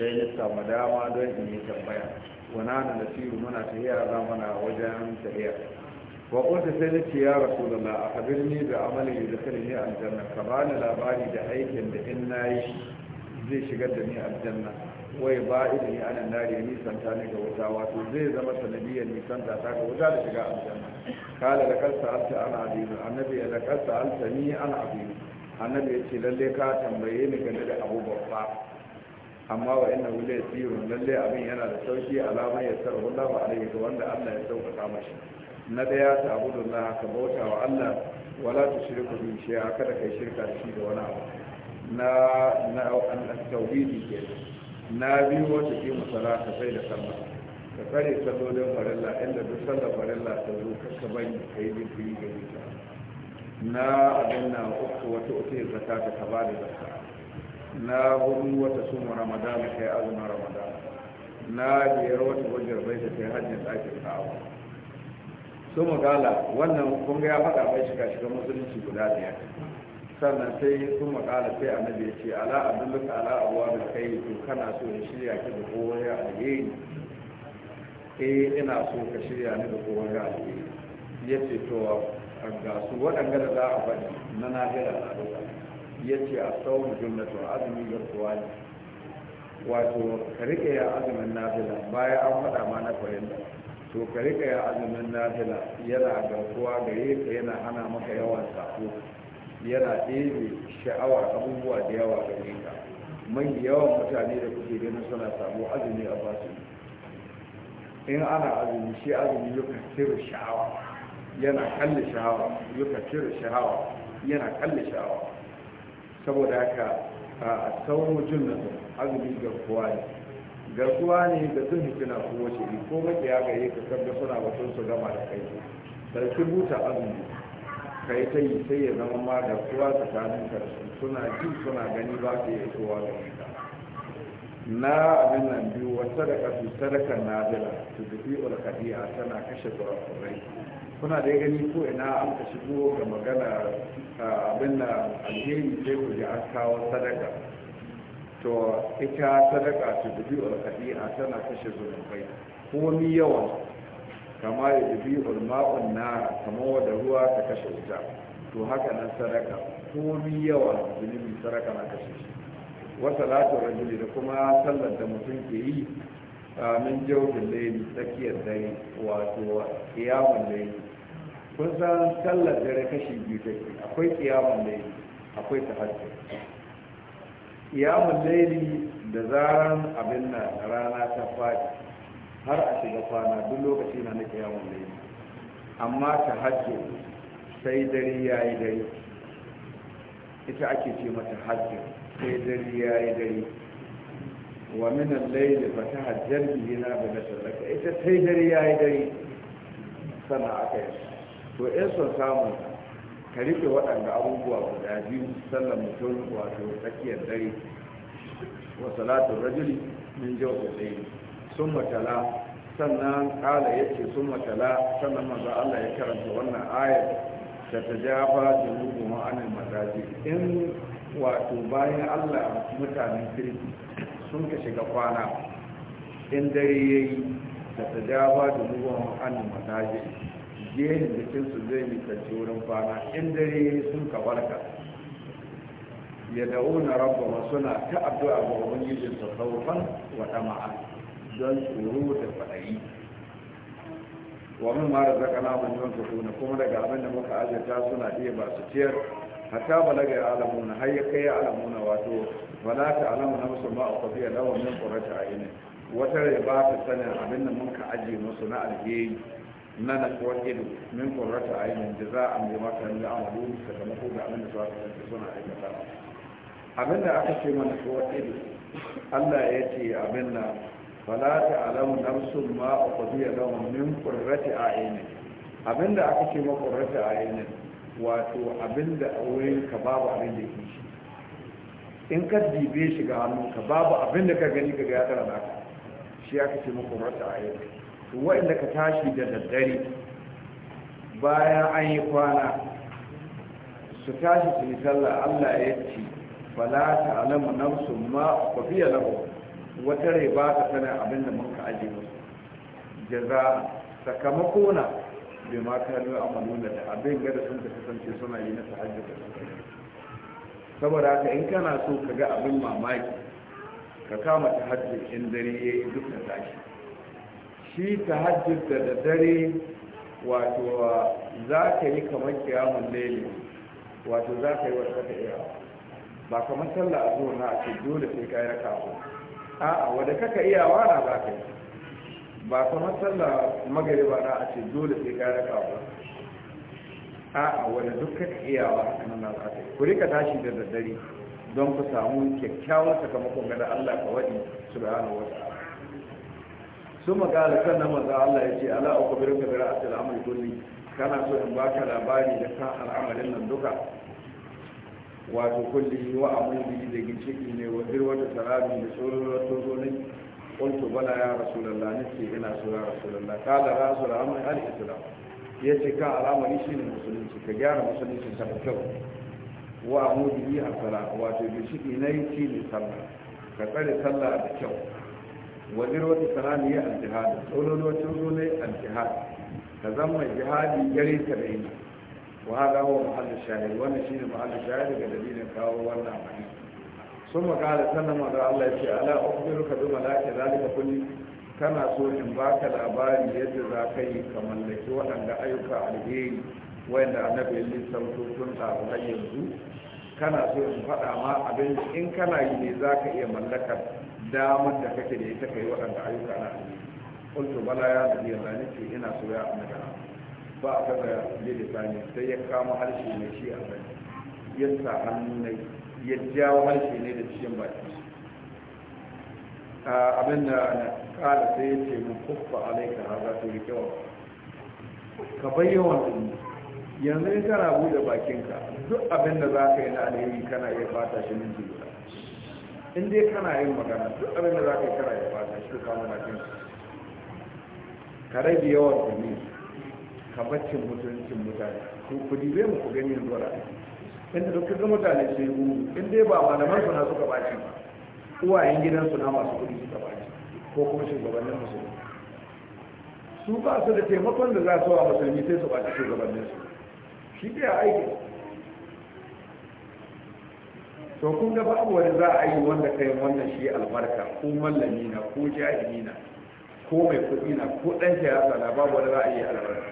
sai ya samu dama don in yi tambaya wana da nasiru muna ta tahiya za mana wajen tahiya wa kunta sai na nace ya rasulullah a kabirni da amalin da kalin ne aljanna ka bani labari da aikin da in nayi zai shigar da ni aljanna wai ba idan ya anan nari ya nisanta ni ga wuta wato zai zama sanadiyar nisanta ta ga wuta da shiga aljanna kala da kasta alta ana abinu annabi ya da kasta alta ni ana abinu annabi ya ce lalle ka tambaye ni game da abu babba amma wa inna ya laysiru lalle abin yana da sauki alama ya sarrafa Allah alaihi ga wanda Allah ya sauƙaƙa mashi na ɗaya ta abudu na, ka bauta wa Allah wala tushriku bi shay'a kada kai shirka da shi da wani abu na na al-tauhidi ke na biyu wata ke musala ka sai da sallah ka kare sallolin farilla inda duk sallar farilla ta zo ka ka bani kai jinkiri ga ita na abin na uku wata uku zakata ka ba da zakata na hudu wata sun wa ramadana kai azumin ramadana na biyar wata wajen bai ta kai hajjin ɗakin kawo su gala wannan kunga ya faɗa mai shiga shiga musulunci guda biyar sannan sai su gala sai annabi ya ce ala abdulluka ala abuwa da kai to kana so ya shirya ki da kowai ya alheri eh ina so ka shirya ni da kowai a alheri ya ce to ga su waɗanda za a faɗi na nahiyar na ya ce a sauran jumlatun azumi ga ne wato ka riƙe ya azumin nafila baya an faɗa ma na fahimta to ka riƙe ya azumin nafila yana garkuwa ga ka yana hana maka yawan sako yana ɗebe sha'awa abubuwa da yawa ga ka mai yawan mutane da kuke ganin suna samu azumi a basu in ana azumi shi azumi yuka cire sha'awa yana kalle sha'awa yuka cire sha'awa yana kalle sha'awa saboda haka a sauro nan azumi garkuwa ne garkuwa ne da sun hitina kuma wace ne ko makiya gare ka kabda suna batun su gama da kai sarki buta azumi ka yi ta yi sai ya zama ma da kowa tsakanin ka suna ji suna gani ba ka yi kowa da shi na abin nan biyu wata da kasu sadakar nazila su tafi ulkadiya tana kashe kurakurai kuna da gani ko ina an ka shigo ga magana abin da alheri sai ku ji an kawo sadaka to ita sadaka ta dubi a tana kashe zunubai komi yawan kama da dubi ulma'un na kama wadda ruwa ta kashe wuta to haka nan sadaka komi yawan zunubi sadaka na kashe shi wata latin rajuli da kuma sallar da mutum ke yi min jawabin laili tsakiyar dare wato kiyamun laili kun san sallar dare kashi biyu take akwai kiyamun laili akwai tahajjud kiyamun laili da zaran abin na rana ta fadi har a shiga kwana duk lokaci na na kiyamun laili amma tahajjud sai dare yayi dare ita ake ce mata hajji sai dare yayi dare wa min al-layli fa tahajjad bihi nafilatan lak ita sai dare yayi dare sana'a kai to in son samu ka rike waɗanda abubuwa guda biyu sallan mutum wato tsakiyar dare wa salatun rajuli min jau da tsaye sun matala sannan kala ya ce sun matala sannan maza allah ya karanta wannan ayar da ta jafa rubu ma'anin mazaji in wato bayan allah mutanen kirki sun ka shiga kwana in dare ya yi da ta jafa rubu ma'anin mazaji gehen jikinsu zai nisanci wurin fana, in dare sun barka ya da'una rabba suna ta addu'a ga ubangijinsa sauran wa dama'a don tsoro da faɗayi wa min mara zaka na mun yanka kuna kuma daga abin da muka azurta suna iya ba su ciyar hatta balaga ya alamuna har ya kai alamuna wato wala ta alamu na musu ma a kwafiya lawan min ƙurata a yini wata rai ba ta sanin abin da muka aje musu na alheri na natsuwar ido min kurrata ainihin da za a mai maka ne a wani da ga abin da su aka kasance suna aikata Abinda da aka ce mana natsuwar ido allah ya ce abin na fala ta alamu nafsun ma a kwabiya mun min kurrata ainihin abin da aka ce ma a yin wato abin da a wurin ka babu abin da ke shi in ka dibe shi ga hannunka babu abin da ka gani ka ga ya tara naka shi aka ce ma a yin to wa'inda ka tashi da daddare bayan an yi kwana su tashi su yi sallah Allah ya ci, fala ta alamu nafsu ma ba lahu wata rai ba ta sanin abin da muka aji musu jaza sakamako na bai ma kano amalu da abin gada sun ka kasance suna yi na tahajjud da saboda haka in kana so ka ga abin mamaki ka kama tahajjud in dare yayi duk da shi tahajjud da daddare wato za ka yi kamar kiyamun lele wato za ka yi wasu ta iya ba kamar sallah a zuwa na a ce dole sai ka yi raka ba a'a wadda kaka wa, na za ka yi ba kamar sallah magariba na a ce dole sai ka yi raka ba a'a wadda duk kaka wa a kanan na za ka yi ku rika tashi da daddare don ku samu kyakkyawan sakamakon gada Allah ka su subhanahu wa ta'ala sun kan sannan maza Allah ya ce ala uku birin kabira a tilamar kulli kana so in baka labari da kan al'amarin nan duka wato kulli wa amuli da ginshiki ne wa wata sarari da tsoron tozonin kuntu bala ya rasulallah ce ina so ya rasulallah kala rasul amri al islam ce ka al'amari shine musulunci ka gyara musulunci sa kyau wa amuli a sala wato ginshiki ne shine sallah ka tsare sallah da kyau wajen wata sarani ya aljihadi tsololocin zule aljihadi ka zama mai jihadi gare ta da yi wa hada wa mahallin shahid wannan shine mahallin shahid daga dalilin kawo wannan Su sun makala sannan maza Allah ya ce ala ukbiru ka duma ake zalika kuli kana so in baka labari yadda za ka yi ka mallaki waɗanda ayyuka alheri wayanda annabi ya lissafto tun da har yanzu kana so in faɗa ma abin in kana yi ne za ka iya mallakar damar da kake da ita kai waɗanda ayyuka na kultu bala ya nabi Allah nace ina so ya annabi ba a kaga da sani sai ya kama harshe ne shi a sai ya sa hannu ne ya jawo harshe ne da cikin baki abin da na kala sai ya ce mu kuffa alaika za to yi kyau ka bayyana yanzu in kana buɗe bakinka duk abin da za ka yi na alheri kana iya fata shi minti guda in dai kana yin magana duk abin da za ka yi kana ya fata shi ka samu bakin ka rage yawan kuni ka baccin mutuncin mutane ko kudi zai mu ku gani yanzu da inda duk kaga mutane sai gungu in dai ba malaman su na suka baci ba uwayen gidan suna na masu kudi suka baci ko kuma shugabannin musulmi su ba su da taimakon da za su wa musulmi sai su baci shugabannin su shi ke aiki to kun ga babu wani za a yi wanda kai wannan shi albarka ko mallami na ko jahili na ko mai kuɗi na ko ɗan siyasa na babu wani za a yi albarka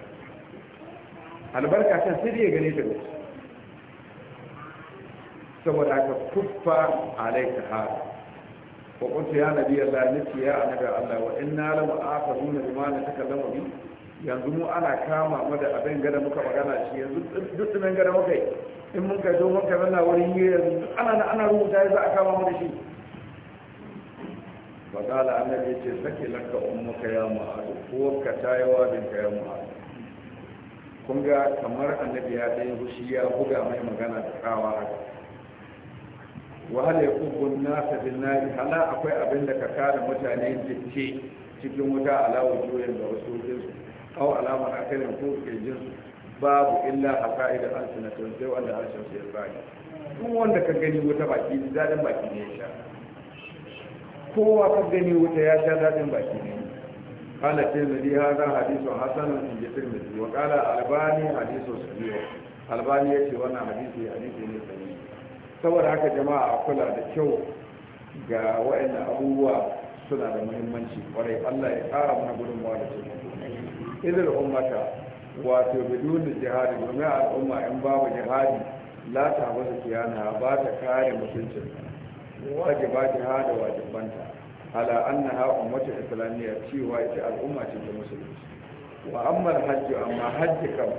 albarka kan sai dai gane ta gaske saboda haka kuffa alaika hada wa qultu ya nabi Allah nati ya annabi Allah wa inna la mu'afiruna bima natakallamu bi yanzu mu ana kama mu da abin gada muka magana shi yanzu duk dumin gada muka yi in mun ka zo muka zanna wani yi yanzu ana na ana rubuta ya za a kama mu da shi ba kala annabi ce sake lanka ummuka ya mu'adu ko ka tayawa bin ka ya mu'adu kun ga kamar annabi ya ɗaya hushi ya buga mai magana da kawa haka hal ya an nasa bin nari hala akwai abin da ka kare mutane jicce cikin wuta alawo juyin da wasu jinsu aw alama na kai ko kirjin babu illa a ka'idar alsinatun sai wanda harshen su ya bani, duk wanda ka gani wuta baki daɗin baki ne ya sha kowa ka gani wuta ya sha daɗin baki ne قال الترمذي هذا حديث حسن عند الترمذي وقال الباني حديث صحيح الباني يتي وانا حديثي حديثي ne sahihi saboda haka jama'a a kula da kyau ga wa'annan abubuwa suna da muhimmanci kwarai Allah ya kara mana gudunmawa da cikin ilil ummata wato bidun jihadi domin al'umma in babu jihadi la ta wasu kiyana ba ta kare mutuncin wajiba jihada wajibanta ala annaha ummatu islamiyya cewa ita al'umma ce ta musulunci wa amma hajji amma hajji kam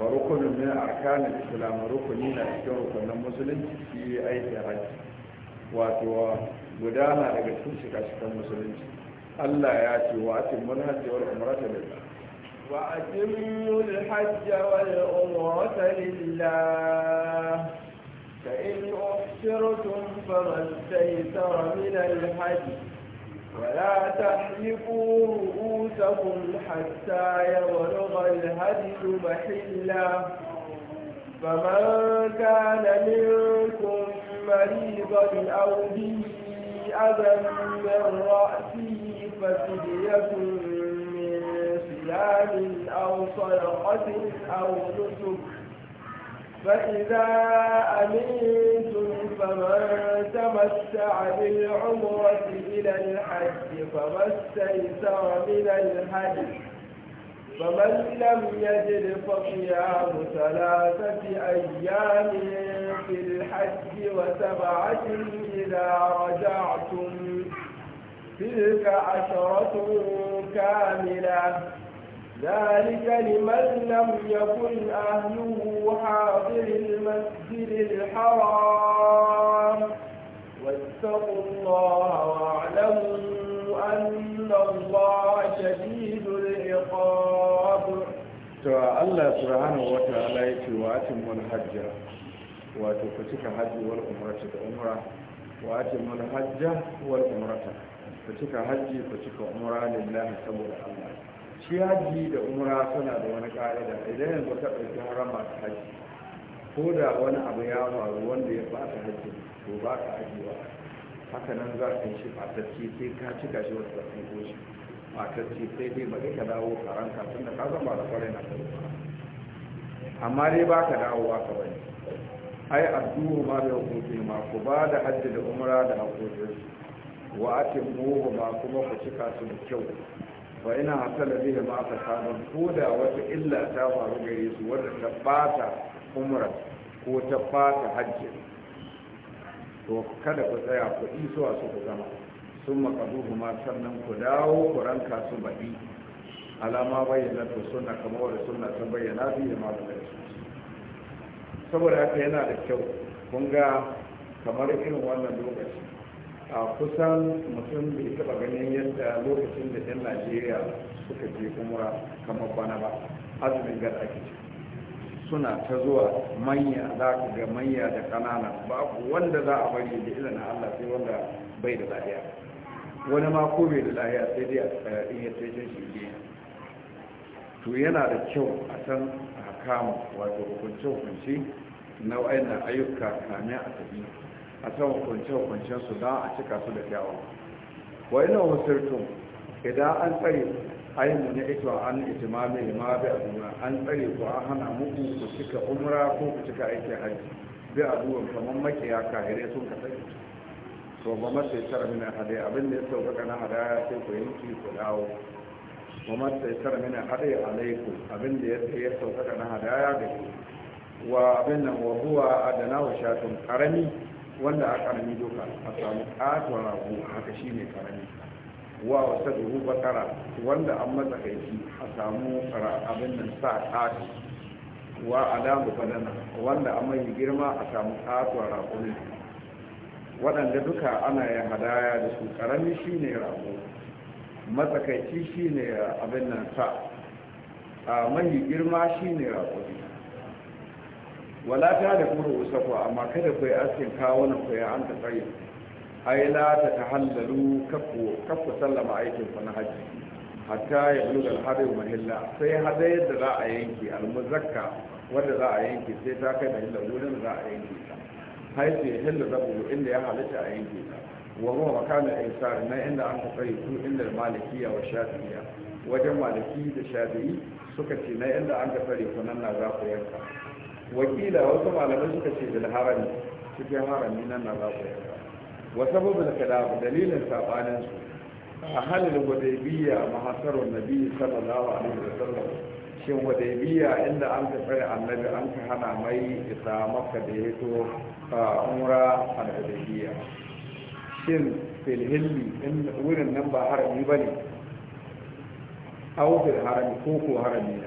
fa rukunu min arkanin islam rukuni na cikin rukunin musulunci shi aikin hajji wato gudana daga cikin shiga cikin musulunci Allah ya ce wa atin mun hajji wal umrata lillah وأتموا الحج والأمرة لله فإن أحشرتم فما استيسر من الحج ولا تحلقوا رؤوسكم حتى يبلغ الهدي محلا فمن كان منكم مريضا أو به أذى من رأسه ففدية بلال أو صدقة أو نسك فإذا أمنتم فمن تمتع بالعمرة إلى الحج فما استيسر من الهدي فمن لم يجد فصيام ثلاثة أيام في الحج وسبعة إذا رجعتم تلك عشرة كاملة ذلك لمن لم يكن أهله حاضر المسجد الحرام واتقوا الله واعلموا أن الله شديد العقاب الله سبحانه وتعالى يتواتم الحج وتفتك حج والأمرة الأمرة واتم الحج والأمرة فتك حج فتك أمرة لله سبحانه وتعالى ciyaji da umura suna da wani ka'ida idan yanzu ta ɗauki harama ta haji ko da wani abu ya faru wanda ya ba ta haji to ba ka ajiyewa haka nan za ka yi shi fatacce sai ka cika shi wata ƙarfin goshi fatacce sai dai ba ka dawo karanka tun da ka zama da kwarai na ta amma dai ba ka dawo ba ka bane ai addu'u ma da hukunci ma ku ba da hajji da umra da hakokin wa ake mu ba kuma ku cika su da kyau fa ina hasala zai ma ta sabon ko da wata illa ta faru gare su wadda ta bata umra ko ta bata hajji to kada ku tsaya ku iso a su ku zama sun makaduhu ma sannan ku dawo ku ranka su baɗi alama bayyana to suna kamar wadda sunna ta bayyana biyu ma da saboda haka yana da kyau kun ga kamar irin wannan lokaci a kusan mutum bai taba ganin yadda lokacin da yan najeriya suka je umra kamar bana ba azumin gada ake suna ta zuwa manya za ka ga manya da kanana babu wanda za a bari da izinin allah sai wanda bai da lahiya wani ma ko da lahiya sai dai a eh, in ya sai shi ne to yana da kyau a san a kama wato hukunce hukunce na ayyuka kamin a tafi a san hukunce-hukuncen su da a cika su da kyawa wa ina wasirtun idan an tsare ayin mu na ito an itimami ma bi abuwa an tsare ku an hana muku ku cika umra ko ku cika aikin hajji bi abuwa kamar makiya kahire sun ka tsare to ba masa tara mina hadai abin da ya sauka na hadaya sai ku yanki ku dawo Ba masa ya tara mina hadai alaiku abin da ya sauka na hadaya da ku wa abin nan wa adana wa shatun karami wanda a karami doka a samu katon rago haka shi ne karami wa wata duhu bakara wanda an matsakaici a samu abin nan sa katon wa alamu badana wanda an mai girma a samu katon rago ne waɗanda duka ana yin hadaya da su karami shi ne rago matsakaici shi ne abin nan sa a mai girma shi ne rago ne wala ta da kuma usaku amma kada ku yi askin kawunan ku ya an ta tsaye ai la ta tahallalu kafu kafu sallama aikin ku na haji hatta ya buluga alhadu mahilla sai hada yadda za a yanke almuzakka wanda za a yanke sai ta kai mahilla wurin za a yanke ta haifi ya hilla zabu inda ya halitta a yanke ta wa huwa makamin insari na inda an ka tsaye su inda malikiya wa shafiya wajen maliki da shafi'i suka ce na inda an ka tsare ku nan na za ku yanka wakila wasu malamai suka ce bil harami cikin harami nan na za ku yarda wa sababul kadab dalilin sabanin su a halin hudaybiyya mahasarun nabi sallallahu alaihi wasallam shin hudaybiyya inda an ka tsare annabi an ka hana mai isa makka da ya to umra al hudaybiyya shin fil hilli wurin nan ba harami bane A fil harami ko ko harami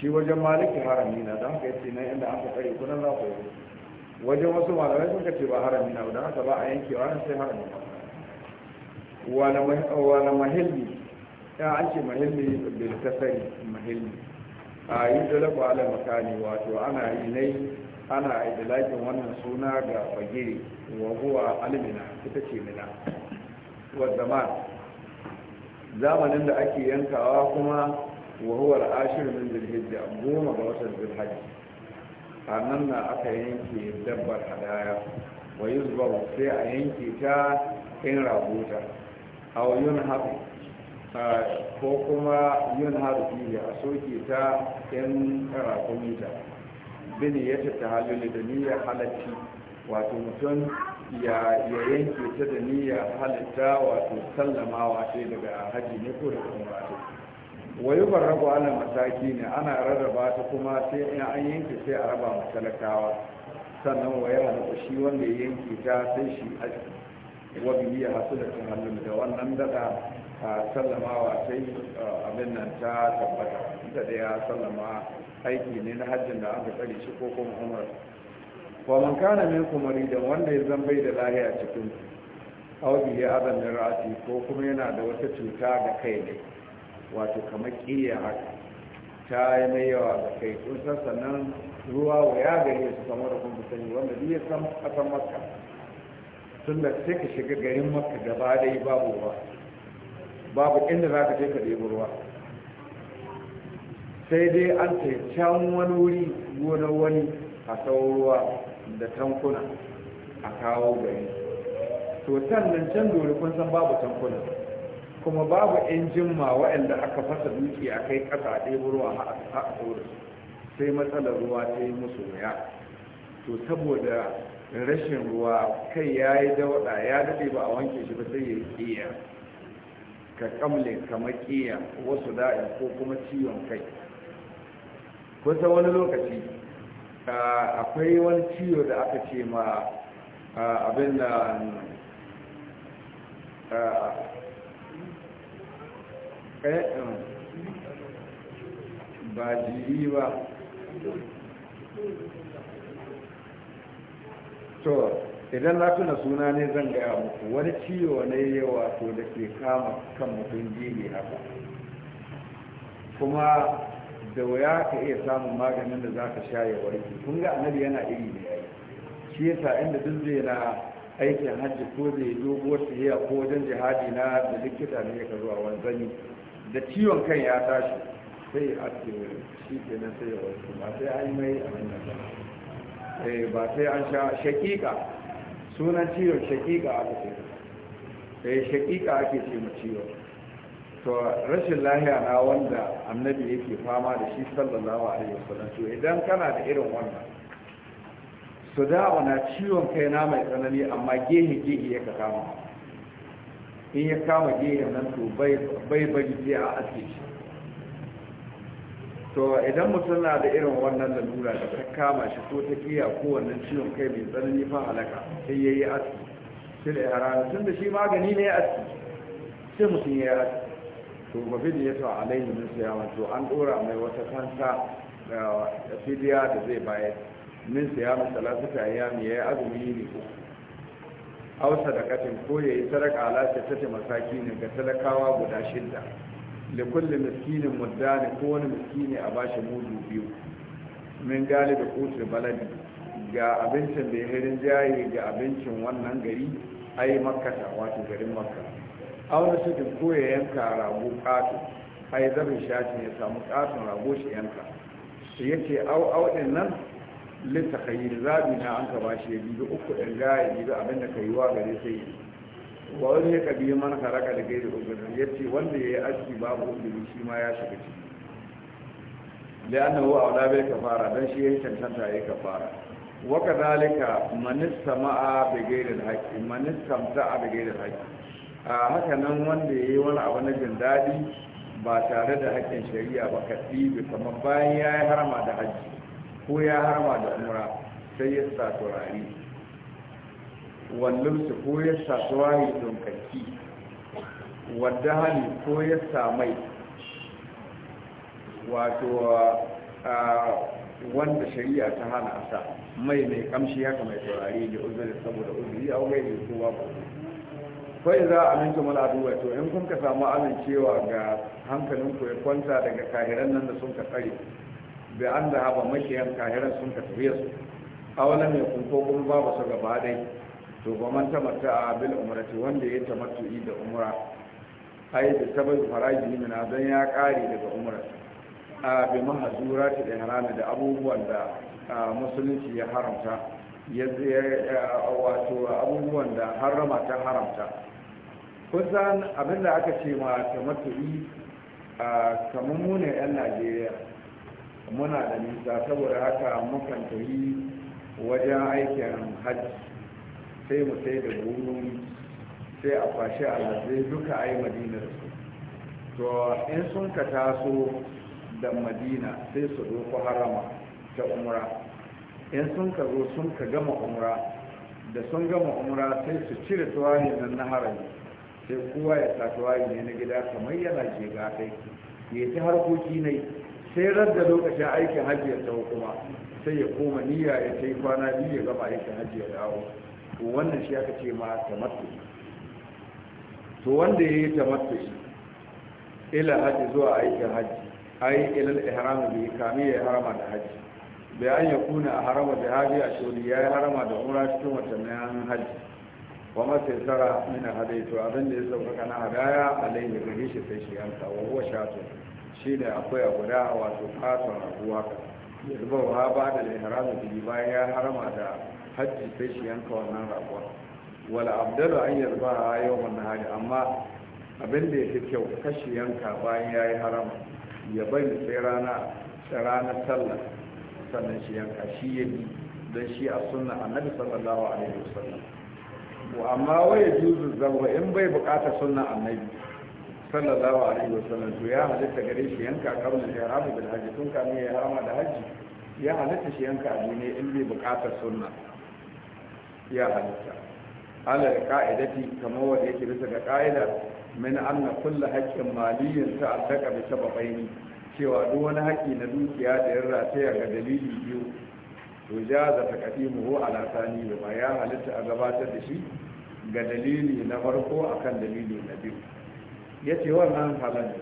shi wajen maliki harami na da haka yace nan inda aka tsare kuma za ku yi wajen wasu malamai sun ce ba harami na da haka ba a yanke wa sai harami wala mahalli ya an ce da bil kasari mahilli a yi dalabu ala makani wato ana yi nai ana idalakin wannan suna ga fagiri wa huwa almina ita ce mina wa zaman zamanin da ake yankawa kuma wa huwa al-ashir min dhil goma ga watan dhil-hajji a nan na aka yanke dabbar hadaya wa yuzbahu sai a yanke ta in rabuta aw ko kuma yunhabu fiye a soke ta in rakumita bin ya ta halin da niyyar halacci wato mutum ya yanke ta da niyyar halitta wato sallamawa sai daga haji ne ko da kuma wayu barrabu ala masaki ne ana rarraba ta kuma sai in an yanke sai a raba ma talakawa sannan waya na shi wanda ya yanke ta sai shi a Wani biya hasu da hannun da wannan daga sallamawa sai abin nan ta tabbata da daya sallama aiki ne na hajjin da aka tsari shi ko kuma umar wa man kana kumari da wanda ya zan bai da lahiya cikin ku aw bihi adan rati, ko kuma yana da wata cuta ga kai ne wato kamar kiriya haka ta yi mai yawa da kai kusa san sannan ruwa wa ya gari su samu da kuma sani wanda zai san ƙasar makka tun da sai ka shiga garin makka gaba dai babu ruwa babu inda za ka je ka ɗebi ruwa sai dai an ta can wani wuri gona wani a sau ruwa da tankuna a kawo gari to sannan can dole kun san babu tankuna kuma babu injin jimma waɗanda aka fasa duki a kai ƙasa ɗaya ruwa a haɗa sai matsalar ruwa ta yi musu wuya to saboda rashin ruwa kai ya yi dauɗa ya daɗe ba a wanke shi ba sai ya ƙiya ka kamle kamar ƙiya wasu da'in ko kuma ciwon kai kusa wani lokaci akwai wani ciwo da aka ce ma abin da ba ba to idan na tuna suna ne zan gaya muku wani ciwo ne wato da ke kama kan mutum jini haka kuma da waya ka iya samun maganin da za ka sha ya warke kun ga annabi yana iri ya yi shi yasa inda duk zai na aikin hajji ko zai dogo tafiya ko wajen jihadi na da likita ne ya ka zuwa wani da ciwon kan ya tashi sai a ce shi ke nan sai ya wasu ba sai an yi mai abin nan ba eh, sai an sha shakika sunan ciwon shakika aka ce eh, shakika ake ce mu ciwon to rashin lahiya na wanda annabi yake fama da shi sallallahu alaihi wasallam to idan kana da irin wannan su da na ciwon kai na mai tsanani amma gehe gehe ya ka kama in ya kama gehen nan to bai bari sai a ake shi to idan mutum na da irin wannan lalura da ta kama shi ko ta kiya ko wannan ciwon kai mai tsanani fa halaka sai ya yi aski shi da yara tun da shi magani ne ya aski sai mutum ya yi aski to ba fi da ya tawa alaihi min siyama to an dora mai wata kanta da eh, fidiya da zai bayar min siyama salasata ayyami ya yi azumi ne ko. Hausa da katin ko ya yi sadaka ala masaki ne ga talakawa guda shida Da kulle miskinin muddani ko wani miskini a bashi mudu biyu min da qutul baladi ga abincin da ya hirin jaye ga abincin wannan gari a yi makkata wato garin makka A wani ko yanka rago kato yi zabin shati ya samu katon rago shi yanka su yake au au nan lissa kayi zabi na an ka shi ya bibi uku ɗin gaya ya bibi abin da ka yi wa gare sai yi wa wani ya kabi man haraka da gaida ugurin ya ce wanda ya yi aski babu ugurin shi ma ya shiga ciki li'anna a aula bai ka fara don shi ya cancanta ya kafara wa kadhalika man istama'a gaida da haƙƙi, haqqi man istamta'a gaida da haƙƙi. A haka nan wanda ya yi wani abu na jin daɗi ba tare da haƙƙin shari'a ba kadi bi kamar bayan ya yi harama da haji ko ya harma da umra sai ya sa turare wallon su ko ya sa turare kaki wadda hali ko ya sa mai wato wanda shari'a ta hana asa mai mai kamshi haka mai turare da uzuri saboda uzuri a wani ne kowa ba kai za a mintu mala duwa to in kun ka samu amincewa ga hankalinku ya kwanta daga kahiran nan da sun ka tsare bi an da haba yan kahiran sun ka tafiya su a wani mai ko kuma babu su gaba dai to ba man tamatta a bil umrati wanda ya yi da umra ai da sabai faraji ne na zan ya ƙari daga umra a bi ta da harami da abubuwan da musulunci ya haramta ya wato abubuwan da harama ta haramta kusan da aka ce ma yi kamar mu ne 'yan najeriya muna da nisa saboda haka mukan tafi wajen aikin hajji sai mu sai da burin sai a kwashe alazai duka a yi madinar su to in sun ka taso da madina sai su doko harama ta umra in sun ka zo sun ka gama umra da sun gama umra sai su cire tuwaye nan na harami sai kowa ya sa tuwaye ne na gida kamar yana ga kai ya ci harkoki ne sai radda lokacin aikin hajji ya tsawo kuma sai ya koma niyya ya ta yi kwana biyu ya gama aikin hajji ya dawo to wannan shi aka ce ma tamattu to wanda ya yi tamattu ila hajji zuwa aikin hajji ai ilal ihram bi kame ya harama da hajji bai an ya kuna a harama da hajji a shuri ya yi harama da umra cikin watannin hajji wa masai tsara min hadai to abin da ya sauka kana hadaya alaihi rahishi sai shi yanta wa huwa shatun shi ne akwai a guda wato kasar rabuwa ka zuba wa ba da ihramu bihi bayan ya harama da hajji sai shi yanka wannan rabuwa? wala abdalu an yarba a yau wannan nahari amma abin da fi kyau kashi yanka bayan ya yi harama ya bari sai rana ranar sallah sannan shi yanka shi ya bi don shi a sunna annabi sallallahu alaihi wasallam amma waya juzu zango in bai bukata sunna annabi sallallahu alaihi wasallam to ya halitta gare shi yanka kabla da haramu bil hajji tun kamin ya harama da hajji ya halitta shi yanka abu ne in bai bukatar sunna ya halitta ala ka'idati kamar wanda yake bisa ga ka'ida min anna kullu haqqin maliyyin ta'allaqa bi sababaini cewa duk wani haƙƙi na dukiya da ya rataya ga dalili biyu to ja za ta kafi muhu ala ba ya halitta a gabatar da shi ga dalili na farko akan dalili na biyu ya ce wannan halal ne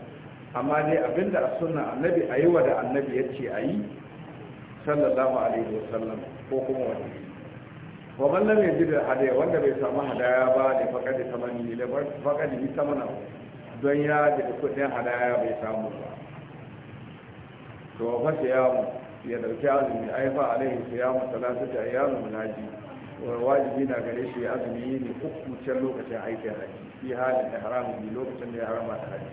amma dai abinda a sunna annabi a yi wa da annabi ya ce a yi sallallahu alaihi wasallam ko kuma wani wa man lam da hadaya wanda bai samu hadaya ba da da tamani ne faqadi tamana don ya da kudin hadaya bai samu ba to fa ya mu ya dauki azumi yi fa alaihi siyamu salasata ayyamu munaji wajibi na gare shi ya azumi ne hukuncin lokacin aikin haji fi halin da haramun ne lokacin da ya harama da haji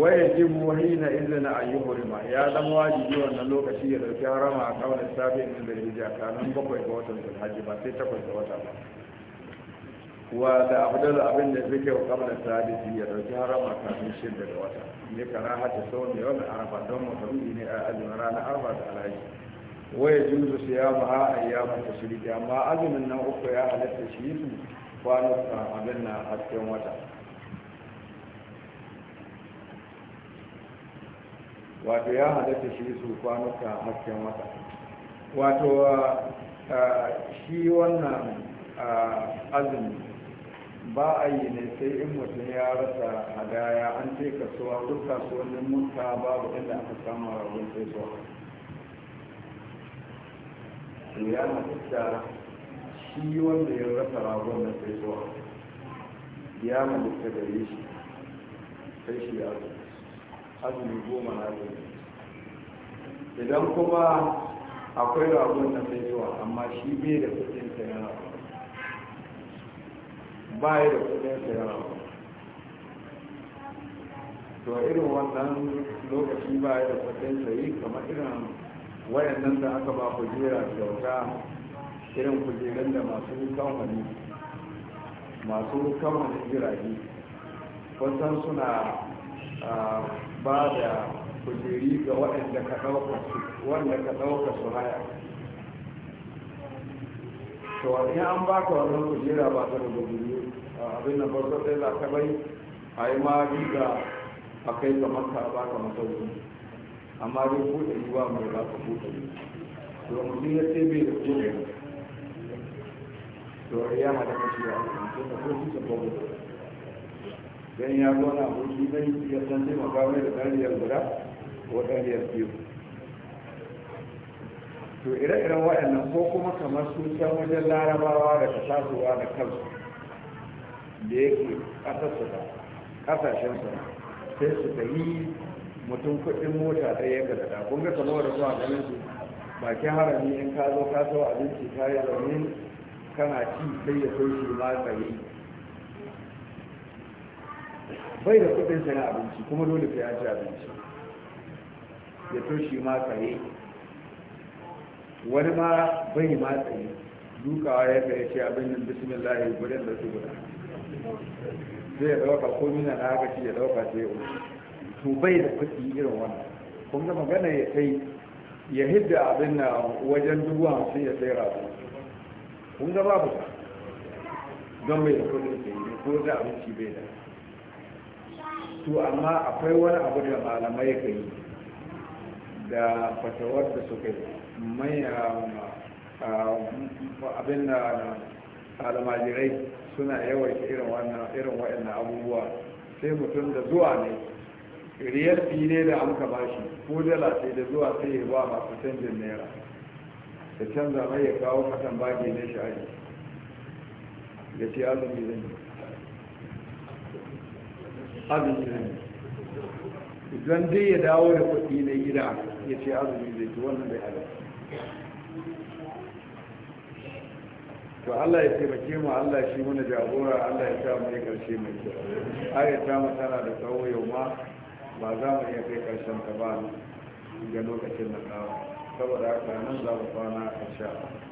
waye ji muhi na izina a yi hurima ya zama wajibi wannan lokaci ya dauki harama a kawai sabi in da hijja kanan bakwai ga watan haji ba sai takwas ga wata ba wa da abdul abin da zai kyau kabla sadisi ya dauki harama kafin shidda da wata ne kana hata sau ne wani arafa don mutum ne a azumin ranar arba da alhaji waya jinsu su ya ma a ya ta shirki amma azumin nan uku ya halatta shi su kwanuka abin na hasken wata wato ya halatta shi su kwanuka hasken wata wato shi wannan azumi ba a yi ne sai in mutum ya rasa hadaya an ce kasuwa duk kasuwannin ta, babu inda aka samu rabin sai to ya halitta shi wanda ya rasa ragon na sai zuwa ya halitta gare shi sai shi ya azumi azumi goma na azumi idan kuma akwai ragon na sai zuwa amma shi bai da kudin sayan ragon ba ya da kudin sayan ragon to irin wannan lokaci ba ya da kudin sayi kamar irin wayannan da aka ba kujera kyauta irin kujeran da masu kamfani masu kamfanin jirage kusan suna ba da kujeri ga waɗanda ka ɗauka su haya to wani an ba ka wannan kujera ba ta da gudu abin da farko sai za ka bai a yi ma riga a kai ga maka ba ka masauki amma dai buɗe ruwa mai ba ka buɗe to mun ya ce bai da buɗe to ya ma da kashi ya ake mutum da kuma ta babu dan ya zo na aboki dai ya san taimaka mai da ɗariyar guda ko ɗariyar biyu to ire-iren waɗannan ko kuma kamar sun san wajen larabawa da kasasowa da kansu da yake ƙasarsu da ƙasashensu sai su ta yi mutum kuɗin mota ta yanka da kun ga kamar da kuma ganin su baki harami in ka zo ka sau abinci ka yi zaune kana ci sai ya so shi ma tsaye bai da kuɗin na abinci kuma dole ka yaci abinci ya so shi ma tsaye wani ma bai ma tsaye dukawa ya kai ya ce abin nan bismillah ya gudan da su guda sai ya dauka ko mina na haka shi ya dauka sai ya wuce tubai da kuɗi irin wannan kun ga magana ya kai ya hidda abin na wajen dubu hamsin ya sai rabu kun ga babu don bai da kudin ke yi ko da abinci bai da to amma akwai wani abu da malamai ya kai da fatawar da suka yi manya ah, ah, abin na almajirai suna yawaita irin waɗannan abubuwa sai mutum da zuwa ne riyar ne da an ka bashi ko dala sai da zuwa sai ya ba masu canjin naira da canza mai ya kawo katan bage na shari ya ce azumi zan yi azumi zan yi idan dai ya dawo da kuɗi na gida ya ce azumi zai ci wannan bai halatta to Allah ya taimake mu Allah shi mana jagora Allah ya sa mu ne karshe mai kyau ayata mu tana da tsawo yau ma ba za mu iya kai karshen ta ba ga lokacin da kawo saboda haka nan za mu kwana a sha